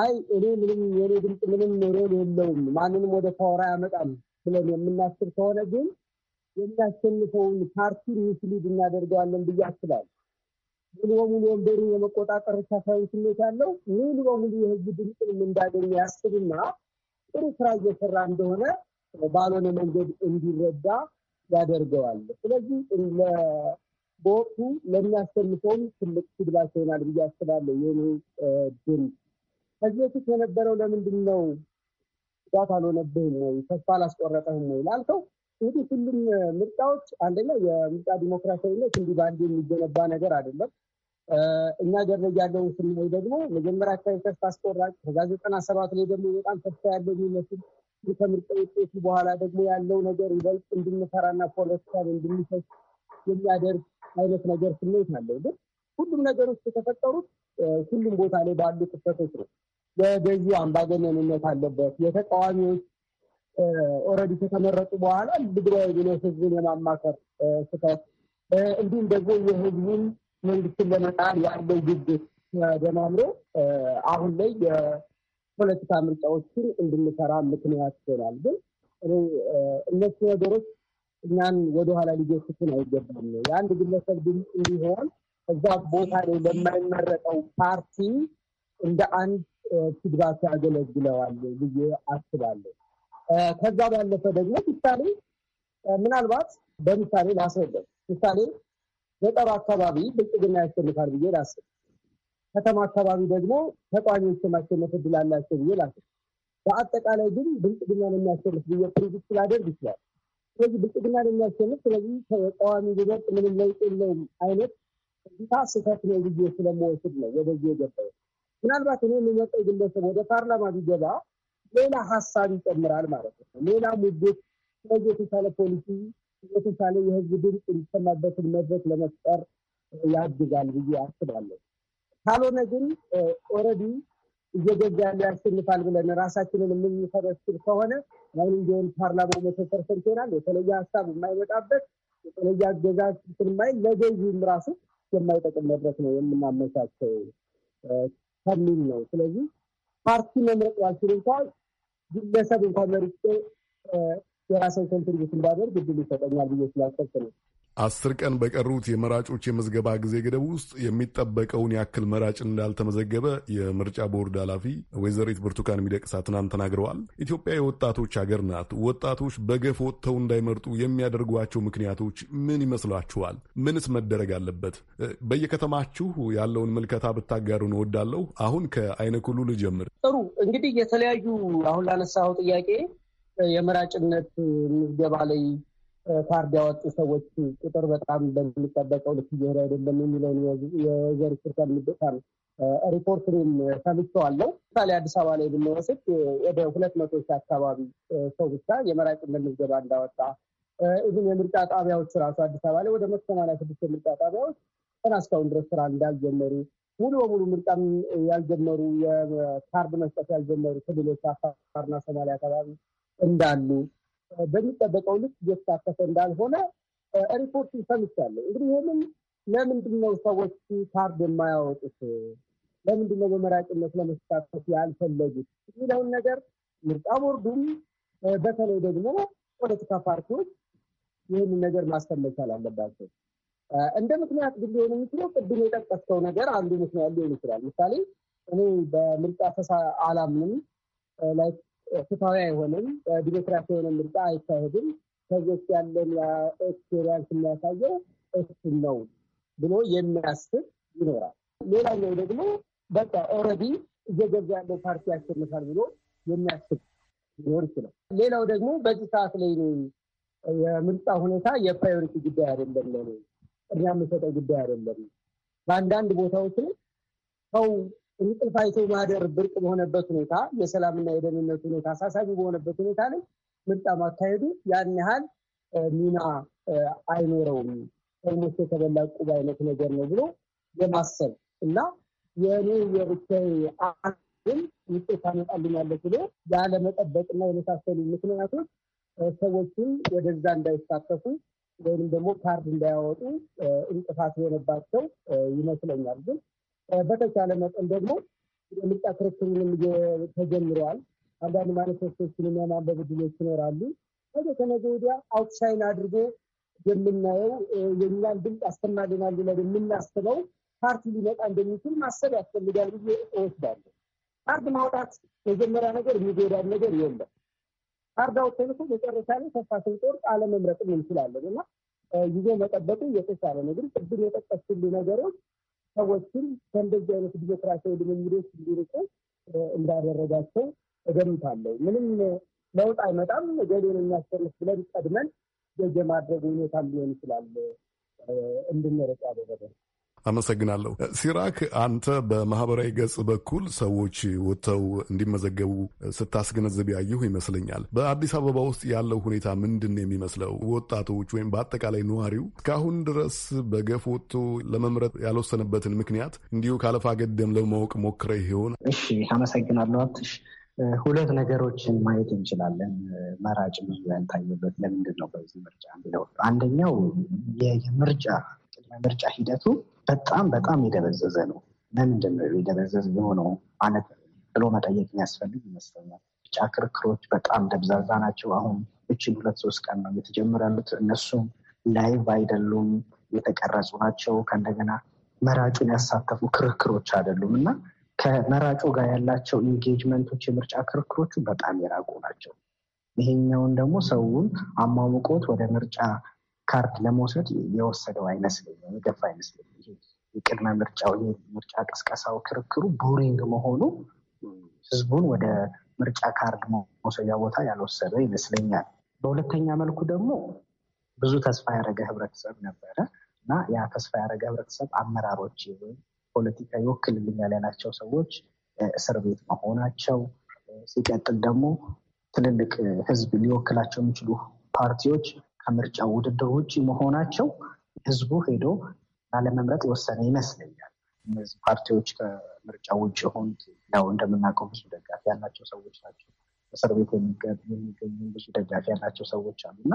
አይ እኔ ምንም የኔ ድምፅ ምንም ሮል የለውም ማንንም ወደ ፓወር አያመጣም ብለን የምናስብ ከሆነ ግን የሚያሸንፈውን ፓርቲ ሚስሊድ እናደርገዋለን ብዬ አስባለሁ። ሙሉ በሙሉ ወንበሩ የመቆጣጠር ሳሳዊ ስሜት ያለው ሙሉ በሙሉ የህዝብ ድምፅንም እንዳገኘ ያስብና ጥሩ ስራ እየሰራ እንደሆነ ባልሆነ መንገድ እንዲረዳ ያደርገዋል። ስለዚህ በወቅቱ ለሚያሸንፈውም ትልቅ ትግላቸው ይሆናል ብዬ አስባለሁ የኔ ድምፅ ከዚህ በፊት የነበረው ለምንድን ነው ጉዳት አልሆነብህም ወይ ተስፋ አላስቆረጠህም ወይ ላልከው እንግዲህ ሁሉም ምርጫዎች አንደኛ የምርጫ ዲሞክራሲያዊነት እንዲህ በአንድ የሚገነባ ነገር አይደለም። እኛ ገር ላይ ያለውን ስናይ ደግሞ መጀመሪያ አካባቢ ተስፋ አስቆራጭ፣ ከዛ ዘጠና ሰባት ላይ ደግሞ በጣም ተስፋ ያለው የሚመስል ከምርጫ ውጤቱ በኋላ ደግሞ ያለው ነገር ይበልጥ እንድንፈራና ፖለቲካን እንድንፈስ የሚያደርግ አይነት ነገር ስሜት አለው ግን ሁሉም ነገሮች የተፈጠሩት ሁሉም ቦታ ላይ ባሉ ክፍተቶች ነው። የገዢ አምባገነንነት አለበት። የተቃዋሚዎች ኦልሬዲ ከተመረጡ በኋላ ትግራይ ብሎ ህዝብን የማማከር ስህተት፣ እንዲሁም ደግሞ የህዝቡን መንግስትን ለመጣል ያለው ግድት ደማምሮ አሁን ላይ የፖለቲካ ምርጫዎችን እንድንሰራ ምክንያት ይሆናል። ግን እነሱ ነገሮች እኛን ወደኋላ ሊገፉትን አይገባም። የአንድ ግለሰብ ድምፅ እንዲሆን እዛ ቦታ ላይ ለማይመረጠው ፓርቲ እንደ አንድ ትግባት ያገለግለዋል ብዬ አስባለሁ። ከዛ ባለፈ ደግሞ ምሳሌ ምናልባት በምሳሌ ላስረዳው ምሳሌ ገጠሩ አካባቢ ብልጽግና ያሸንፋል ብዬ ላስብ፣ ከተማ አካባቢ ደግሞ ተቃዋሚዎች የማሸነፍ እድል አላቸው ብዬ ላስብ። በአጠቃላይ ግን ብልጽግናን የሚያሸንፍ ብዬ ፕሪዲክት ስላደርግ ይችላል። ስለዚህ ብልጽግናን የሚያሸንፍ ስለዚህ ተቃዋሚ ብበጥ ምንም ለውጥ የለውም አይነት እይታ ስህተት ነው ብዬ ስለመወስድ ነው ወደዚህ የገባው። ምናልባት እኔ የሚመጣው ግለሰብ ወደ ፓርላማ ቢገባ ሌላ ሀሳብ ይጨምራል ማለት ነው። ሌላ ሙግት፣ ስለዚህ የተሻለ ፖሊሲ፣ የተሻለ የህዝብ ድምፅ የሚሰማበትን መድረክ ለመፍጠር ያግዛል ብዬ አስባለሁ። ካልሆነ ግን ኦልሬዲ እየገዛ ያለ ያሸንፋል ብለን ራሳችንን የምንሰበስብ ከሆነ አሁን እንዲሆን ፓርላማው መቶ ፐርሰንት ይሆናል። የተለየ ሀሳብ የማይመጣበት የተለየ አገዛዝ ስንማይ ለገዥም ራሱ የማይጠቅም መድረክ ነው የምናመቻቸው ከሚል ነው። ስለዚህ ፓርቲ መምረጥ ያልችል እንኳን ግለሰብ እንኳን መርጬ የራሰን ኮንትሪቢት እንዳደርግ እድል ይሰጠኛል ብዬ ስላሰብኩ ነው። አስር ቀን በቀሩት የመራጮች የመዝገባ ጊዜ ገደብ ውስጥ የሚጠበቀውን ያክል መራጭ እንዳልተመዘገበ የምርጫ ቦርድ ኃላፊ ወይዘሪት ብርቱካን ሚደቅሳ ትናንት ተናግረዋል። ኢትዮጵያ የወጣቶች ሀገር ናት። ወጣቶች በገፍ ወጥተው እንዳይመርጡ የሚያደርጓቸው ምክንያቶች ምን ይመስላችኋል? ምንስ መደረግ አለበት? በየከተማችሁ ያለውን ምልከታ ብታጋሩን እወዳለሁ። አሁን ከአይነኩሉ ልጀምር። ጥሩ እንግዲህ የተለያዩ አሁን ላነሳው ጥያቄ የመራጭነት ምዝገባ ላይ ካርድ ያወጡ ሰዎች ቁጥር በጣም በሚጠበቀው ልክ እየሄደ አይደለም የሚለውን የዘር ክርታል ሚደታል ሪፖርትንም ሰምቼዋለሁ። ምሳሌ አዲስ አበባ ላይ ብንወስድ ወደ ሁለት መቶ ሺህ አካባቢ ሰው ብቻ የመራጭ ምዝገባ እንዳወጣ ይህም የምርጫ ጣቢያዎች ራሱ አዲስ አበባ ላይ ወደ መቶ ሰማንያ ስድስት የምርጫ ጣቢያዎች ቀን እስካሁን ድረስ ስራ እንዳልጀመሩ ሙሉ በሙሉ ምርጫም ያልጀመሩ የካርድ መስጠት ያልጀመሩ ክልሎች አፋርና ሶማሊያ አካባቢ እንዳሉ በሚጠበቀው ልክ እየተሳተፈ እንዳልሆነ ሪፖርት ሰምቻለሁ። እንግዲህ ይህንን ለምንድን ነው ሰዎች ካርድ የማያወጡት? ለምንድን ነው በመራጭነት ለመሳተፍ ያልፈለጉት የሚለውን ነገር ምርጫ ቦርዱም በተለይ ደግሞ ፖለቲካ ፓርቲዎች ይህንን ነገር ማሰብ መቻል አለባቸው። እንደ ምክንያት ግን ሊሆን የሚችለው ቅድም የጠቀስከው ነገር አንዱ ምክንያት ሊሆን ይችላል። ምሳሌ እኔ በምርጫ ፈሳ አላምንም ላይክ ፍትሐዊ አይሆንም፣ ዲሞክራሲ የሆነ ምርጫ አይካሄድም፣ ከዚህ ውስጥ ያለን ኤክስፔሪንስ የሚያሳየው እሱን ነው ብሎ የሚያስብ ይኖራል። ሌላኛው ደግሞ በቃ ኦልሬዲ እየገዛ ያለው ፓርቲ ያሸንፋል ብሎ የሚያስብ ሊኖር ይችላል። ሌላው ደግሞ በዚህ ሰዓት ላይ የምርጫ ሁኔታ የፕራዮሪቲ ጉዳይ አይደለም፣ ለእኔ ቅድሚያ የምሰጠው ጉዳይ አይደለም። በአንዳንድ ቦታዎች ላይ ሰው እንቅልፍ አይቶ ማደር ብርቅ በሆነበት ሁኔታ፣ የሰላምና የደህንነት ሁኔታ አሳሳቢ በሆነበት ሁኔታ ላይ ምርጫ ማካሄዱ ያን ያህል ሚና አይኖረውም፣ ኦልሞስት የተበላ ቁብ አይነት ነገር ነው ብሎ የማሰብ እና የእኔ የብቻዬ ግን ውጤት ታመጣልኛለች ብሎ ያለመጠበቅና የመሳሰሉ ምክንያቶች ሰዎችን ወደዛ እንዳይሳተፉ ወይም ደግሞ ካርድ እንዳያወጡ እንቅፋት የሆነባቸው ይመስለኛል ግን በተቻለ መጠን ደግሞ የምርጫ ክርክሩንም ተጀምረዋል። አንዳንድ ማኒፌስቶችን የማንበብ ዕድሎች ይኖራሉ። ነገ ከነገ ወዲያ አውትሳይን አድርጎ የምናየው የኛን ድምፅ ያሰማልናል ብለን የምናስበው ፓርቲ ሊመጣ እንደሚችል ማሰብ ያስፈልጋል ብዬ እወስዳለሁ። ካርድ ማውጣት መጀመሪያ ነገር የሚጎዳን ነገር የለም። ካርድ አውጥተን እኮ መጨረሻ ላይ ተስፋ ስንቆርጥ አለመምረጥም እንችላለን እና ይዞ መጠበቁ የተሻለ ነው። ግን ቅድም የጠቀስኩልህ ነገሮች ሰዎችም ከእንደዚህ አይነት ዲሞክራሲያዊ ልምምዶች እንዲርቁ እንዳደረጋቸው እገምታለሁ። ምንም ለውጥ አይመጣም ገሌን የሚያስፈልስ ብለን ቀድመን ገጀ የማድረግ ሁኔታም ሊሆን ይችላል እንድንርቅ ያደረገ ነው። አመሰግናለሁ ሲራክ። አንተ በማህበራዊ ገጽ በኩል ሰዎች ወጥተው እንዲመዘገቡ ስታስገነዝብ ያየሁ ይመስለኛል። በአዲስ አበባ ውስጥ ያለው ሁኔታ ምንድን ነው የሚመስለው? ወጣቶች ወይም በአጠቃላይ ነዋሪው እስካሁን ድረስ በገፍ ወጥቶ ለመምረጥ ያልወሰነበትን ምክንያት እንዲሁ ካለፋ ገደም ለማወቅ ሞክረ ይሆን? እሺ፣ አመሰግናለሁ። ሁለት ነገሮችን ማየት እንችላለን። መራጭ ብዙ ያልታየበት ለምንድን ነው በዚህ ምርጫ የሚለው አንደኛው የምርጫ ምርጫ ሂደቱ በጣም በጣም የደበዘዘ ነው። ለምንድን ነው የደበዘዘ የሆነው አነት ብሎ መጠየቅ የሚያስፈልግ ይመስለኛል። ምርጫ ክርክሮች በጣም ደብዛዛ ናቸው። አሁን እችን ሁለት ሶስት ቀን ነው እየተጀመሩ ያሉት። እነሱም ላይቭ አይደሉም፣ የተቀረጹ ናቸው። ከእንደገና መራጩን ያሳተፉ ክርክሮች አይደሉም እና ከመራጩ ጋር ያላቸው ኢንጌጅመንቶች የምርጫ ክርክሮቹ በጣም የራቁ ናቸው። ይሄኛውን ደግሞ ሰውን አማሙቆት ወደ ምርጫ ካርድ ለመውሰድ የወሰደው አይመስለኝም፣ የገፋ አይመስለኝም። ይሄ የቅድመ ምርጫው የምርጫ ቅስቀሳው ክርክሩ ቦሪንግ መሆኑ ህዝቡን ወደ ምርጫ ካርድ መውሰጃ ቦታ ያልወሰደ ይመስለኛል። በሁለተኛ መልኩ ደግሞ ብዙ ተስፋ ያደረገ ህብረተሰብ ነበረ እና ያ ተስፋ ያደረገ ህብረተሰብ አመራሮች ወይም ፖለቲካ ይወክልልኛል ያላቸው ሰዎች እስር ቤት መሆናቸው፣ ሲቀጥል ደግሞ ትልልቅ ህዝብ ሊወክላቸው የሚችሉ ፓርቲዎች ከምርጫው ውድድር ውጭ መሆናቸው ህዝቡ ሄዶ ላለመምረጥ የወሰነ ይመስለኛል። እነዚህ ፓርቲዎች ከምርጫው ውጭ የሆኑት ያው እንደምናውቀው ብዙ ደጋፊ ያላቸው ሰዎች ናቸው። እስር ቤት የሚገኙ ብዙ ደጋፊ ያላቸው ሰዎች አሉ እና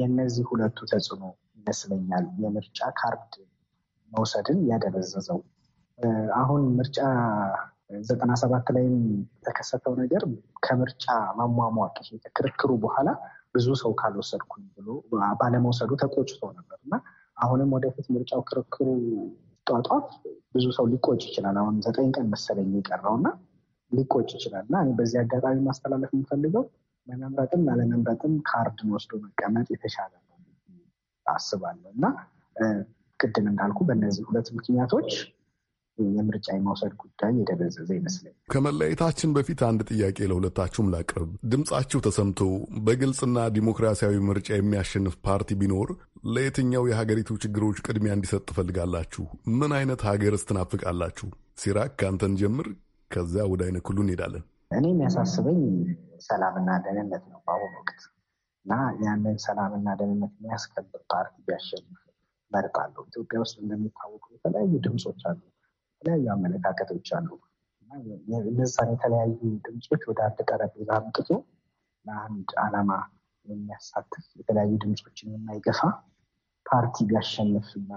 የእነዚህ ሁለቱ ተጽዕኖ ይመስለኛል የምርጫ ካርድ መውሰድን ያደበዘዘው። አሁን ምርጫ ዘጠና ሰባት ላይም የተከሰተው ነገር ከምርጫ ማሟሟቅ ክርክሩ በኋላ ብዙ ሰው ካልወሰድኩኝ ብሎ ባለመውሰዱ ተቆጭቶ ነበር እና አሁንም ወደፊት ምርጫው ክርክሩ ጧጧፍ ብዙ ሰው ሊቆጭ ይችላል። አሁን ዘጠኝ ቀን መሰለኝ የቀረው እና ሊቆጭ ይችላል እና በዚህ አጋጣሚ ማስተላለፍ የምፈልገው ለመምረጥም ያለመምረጥም ካርድን ወስዶ መቀመጥ የተሻለ አስባለሁ እና ቅድም እንዳልኩ በእነዚህ ሁለት ምክንያቶች የምርጫ የመውሰድ ጉዳይ የደበዘዘ ይመስለኛል። ከመለያየታችን በፊት አንድ ጥያቄ ለሁለታችሁም ላቅርብ። ድምፃችሁ ተሰምቶ በግልጽና ዲሞክራሲያዊ ምርጫ የሚያሸንፍ ፓርቲ ቢኖር ለየትኛው የሀገሪቱ ችግሮች ቅድሚያ እንዲሰጥ ትፈልጋላችሁ? ምን አይነት ሀገርስ ትናፍቃላችሁ? ሲራክ ከአንተን ጀምር፣ ከዚያ ወደ አይነት ክሉ እንሄዳለን። እኔ የሚያሳስበኝ ሰላምና ደህንነት ነው በአሁኑ ወቅት እና ያንን ሰላምና ደህንነት የሚያስከብር ፓርቲ ቢያሸንፍ መርጣለሁ። ኢትዮጵያ ውስጥ እንደሚታወቁ የተለያዩ ድምፆች አሉ የተለያዩ አመለካከቶች አሉ። እነዛን የተለያዩ ድምፆች ወደ አንድ ጠረጴዛ አምጥቶ ለአንድ አላማ የሚያሳትፍ የተለያዩ ድምፆችን የማይገፋ ፓርቲ ቢያሸንፍና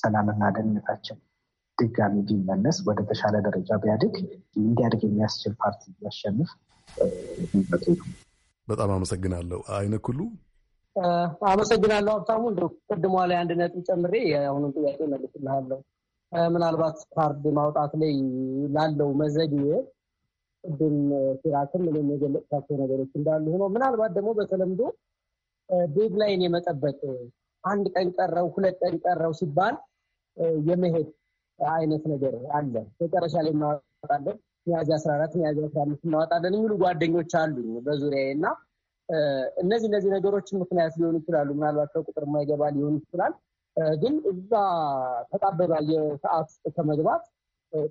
ሰላምና ደህንነታችን ድጋሚ ቢመለስ ወደ ተሻለ ደረጃ ቢያድግ እንዲያድግ የሚያስችል ፓርቲ ቢያሸንፍ በጣም አመሰግናለሁ። አይነት ሁሉ አመሰግናለሁ ሀብታሙ። እንደ ቅድሟ ላይ አንድ ነጥብ ጨምሬ የአሁኑን ጥያቄ መልስልሃለሁ። ምናልባት ካርድ ማውጣት ላይ ላለው መዘግዬ ቅድም ሲራክም እኔም የገለጽካቸው ነገሮች እንዳሉ ሆኖ ምናልባት ደግሞ በተለምዶ ዴድላይን የመጠበቅ አንድ ቀን ቀረው፣ ሁለት ቀን ቀረው ሲባል የመሄድ አይነት ነገር አለ። መጨረሻ ላይ እናወጣለን፣ ሚያዝያ አስራ አራት ሚያዝያ አስራ አምስት እናወጣለን የሚሉ ጓደኞች አሉኝ በዙሪያዬ እና እነዚህ እነዚህ ነገሮችን ምክንያት ሊሆኑ ይችላሉ። ምናልባት ቁጥር የማይገባ ሊሆን ይችላል። ግን እዛ ተጣበባ የሰዓት ከመግባት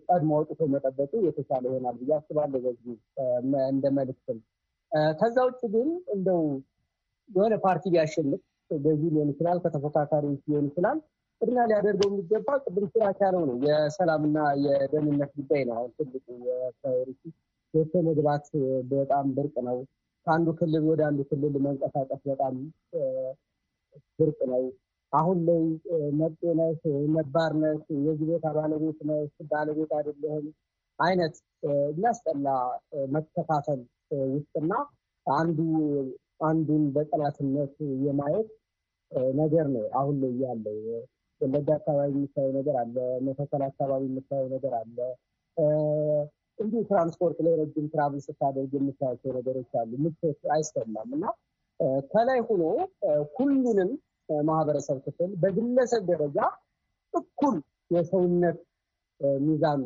ቀድሞ አውጥቶ መጠበቁ የተሻለ ይሆናል ብዬ አስባለሁ። በዚህ እንደ መልክትም ከዛ ውጭ ግን እንደው የሆነ ፓርቲ ቢያሸንፍ በዚህ ሊሆን ይችላል፣ ከተፎካካሪዎች ሊሆን ይችላል ቅድሚያ ሊያደርገው የሚገባ ቅድም ስራት ነው ነው የሰላምና የደህንነት ጉዳይ ነው። አሁን ትልቁ የፕራዮሪቲ ወጥቶ መግባት በጣም ብርቅ ነው። ከአንዱ ክልል ወደ አንዱ ክልል መንቀሳቀስ በጣም ብርቅ ነው። አሁን ላይ መጤ መባርነት ነባር ነህ፣ የዚህ ቦታ ባለቤት ነህ፣ ባለቤት አይደለህም አይነት የሚያስጠላ መከፋፈል ውስጥና አንዱ አንዱን በጠላትነት የማየት ነገር ነው አሁን ላይ ያለው። ወለጋ አካባቢ የምታየው ነገር አለ፣ መተከል አካባቢ የምታየው ነገር አለ። እንዲሁ ትራንስፖርት ላይ ረጅም ትራቭል ስታደርግ የምታያቸው ነገሮች አሉ። ምቾት አይሰማም እና ከላይ ሆኖ ሁሉንም ማህበረሰብ ክፍል በግለሰብ ደረጃ እኩል የሰውነት ሚዛን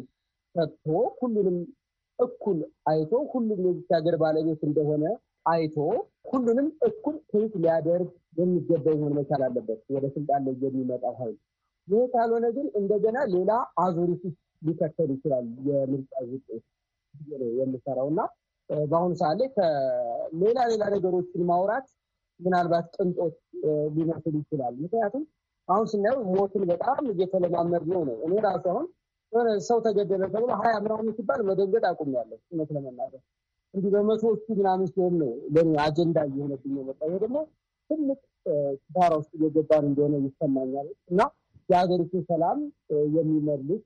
ሰጥቶ ሁሉንም እኩል አይቶ ሁሉም የዚች ሀገር ባለቤት እንደሆነ አይቶ ሁሉንም እኩል ሴት ሊያደርግ የሚገባ ይሆን መቻል አለበት፣ ወደ ስልጣን ላይ የሚመጣው ኃይል። ይህ ካልሆነ ግን እንደገና ሌላ አዙሪት ውስጥ ሊከተል ይችላል። የምርጫ ውጤት የምሰራው እና በአሁኑ ሰዓት ላይ ከሌላ ሌላ ነገሮችን ማውራት ምናልባት ቅንጦት ሊመስል ይችላል። ምክንያቱም አሁን ስናየው ሞትን በጣም እየተለማመድ ነው ነው እኔ ራሱ አሁን የሆነ ሰው ተገደለ ተብሎ ሀያ ምናምን ሲባል መደንገጥ አቁሜያለሁ። እውነት ለመናገር እንዲህ በመቶዎቹ ምናምን ሲሆን ነው ለእኔ አጀንዳ እየሆነብኝ የመጣ ይሄ ደግሞ ትልቅ ኪሳራ ውስጥ እየገባን እንደሆነ ይሰማኛል እና የሀገሪቱ ሰላም የሚመልስ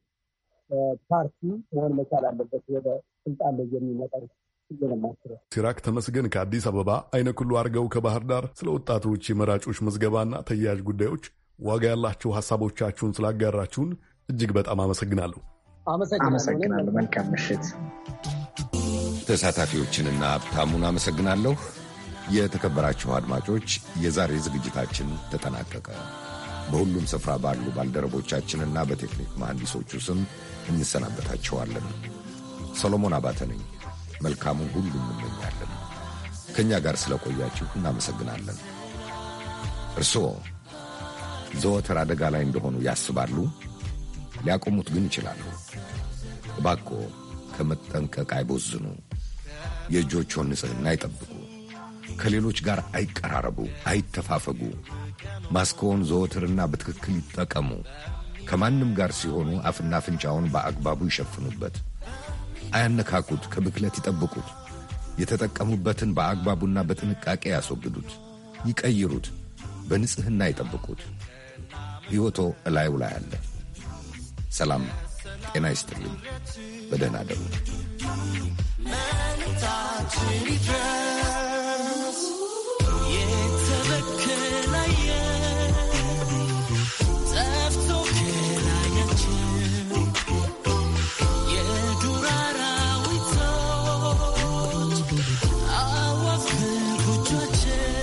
ፓርቲ መሆን መቻል አለበት ወደ ስልጣን ላይ የሚመጣ ሲራክ ተመስገን ከአዲስ አበባ፣ አይነ ኩሉ አድርገው ከባህር ዳር ስለ ወጣቶች የመራጮች መዝገባና ተያያዥ ጉዳዮች ዋጋ ያላቸው ሀሳቦቻችሁን ስላጋራችሁን እጅግ በጣም አመሰግናለሁ። አመሰግናለሁ። መልካም ምሽት። ተሳታፊዎችንና ሀብታሙን አመሰግናለሁ። የተከበራችሁ አድማጮች፣ የዛሬ ዝግጅታችን ተጠናቀቀ። በሁሉም ስፍራ ባሉ ባልደረቦቻችንና በቴክኒክ መሐንዲሶቹ ስም እንሰናበታችኋለን። ሰሎሞን አባተ ነኝ። መልካሙን ሁሉ እንመኛለን። ከእኛ ጋር ስለቆያችሁ እናመሰግናለን። እርስዎ ዘወትር አደጋ ላይ እንደሆኑ ያስባሉ? ሊያቆሙት ግን ይችላሉ። እባክዎ ከመጠንቀቅ አይቦዝኑ። የእጆችዎን ንጽሕና አይጠብቁ። ከሌሎች ጋር አይቀራረቡ፣ አይተፋፈጉ። ማስክዎን ዘወትርና በትክክል ይጠቀሙ። ከማንም ጋር ሲሆኑ አፍና አፍንጫውን በአግባቡ ይሸፍኑበት። አያነካኩት፣ ከብክለት ይጠብቁት፣ የተጠቀሙበትን በአግባቡና በጥንቃቄ ያስወግዱት፣ ይቀይሩት፣ በንጽሕና ይጠብቁት። ሕይወቶ እላዩ ላይ አለ። ሰላም ጤና ይስጥልኝ። በደህና አደሩ።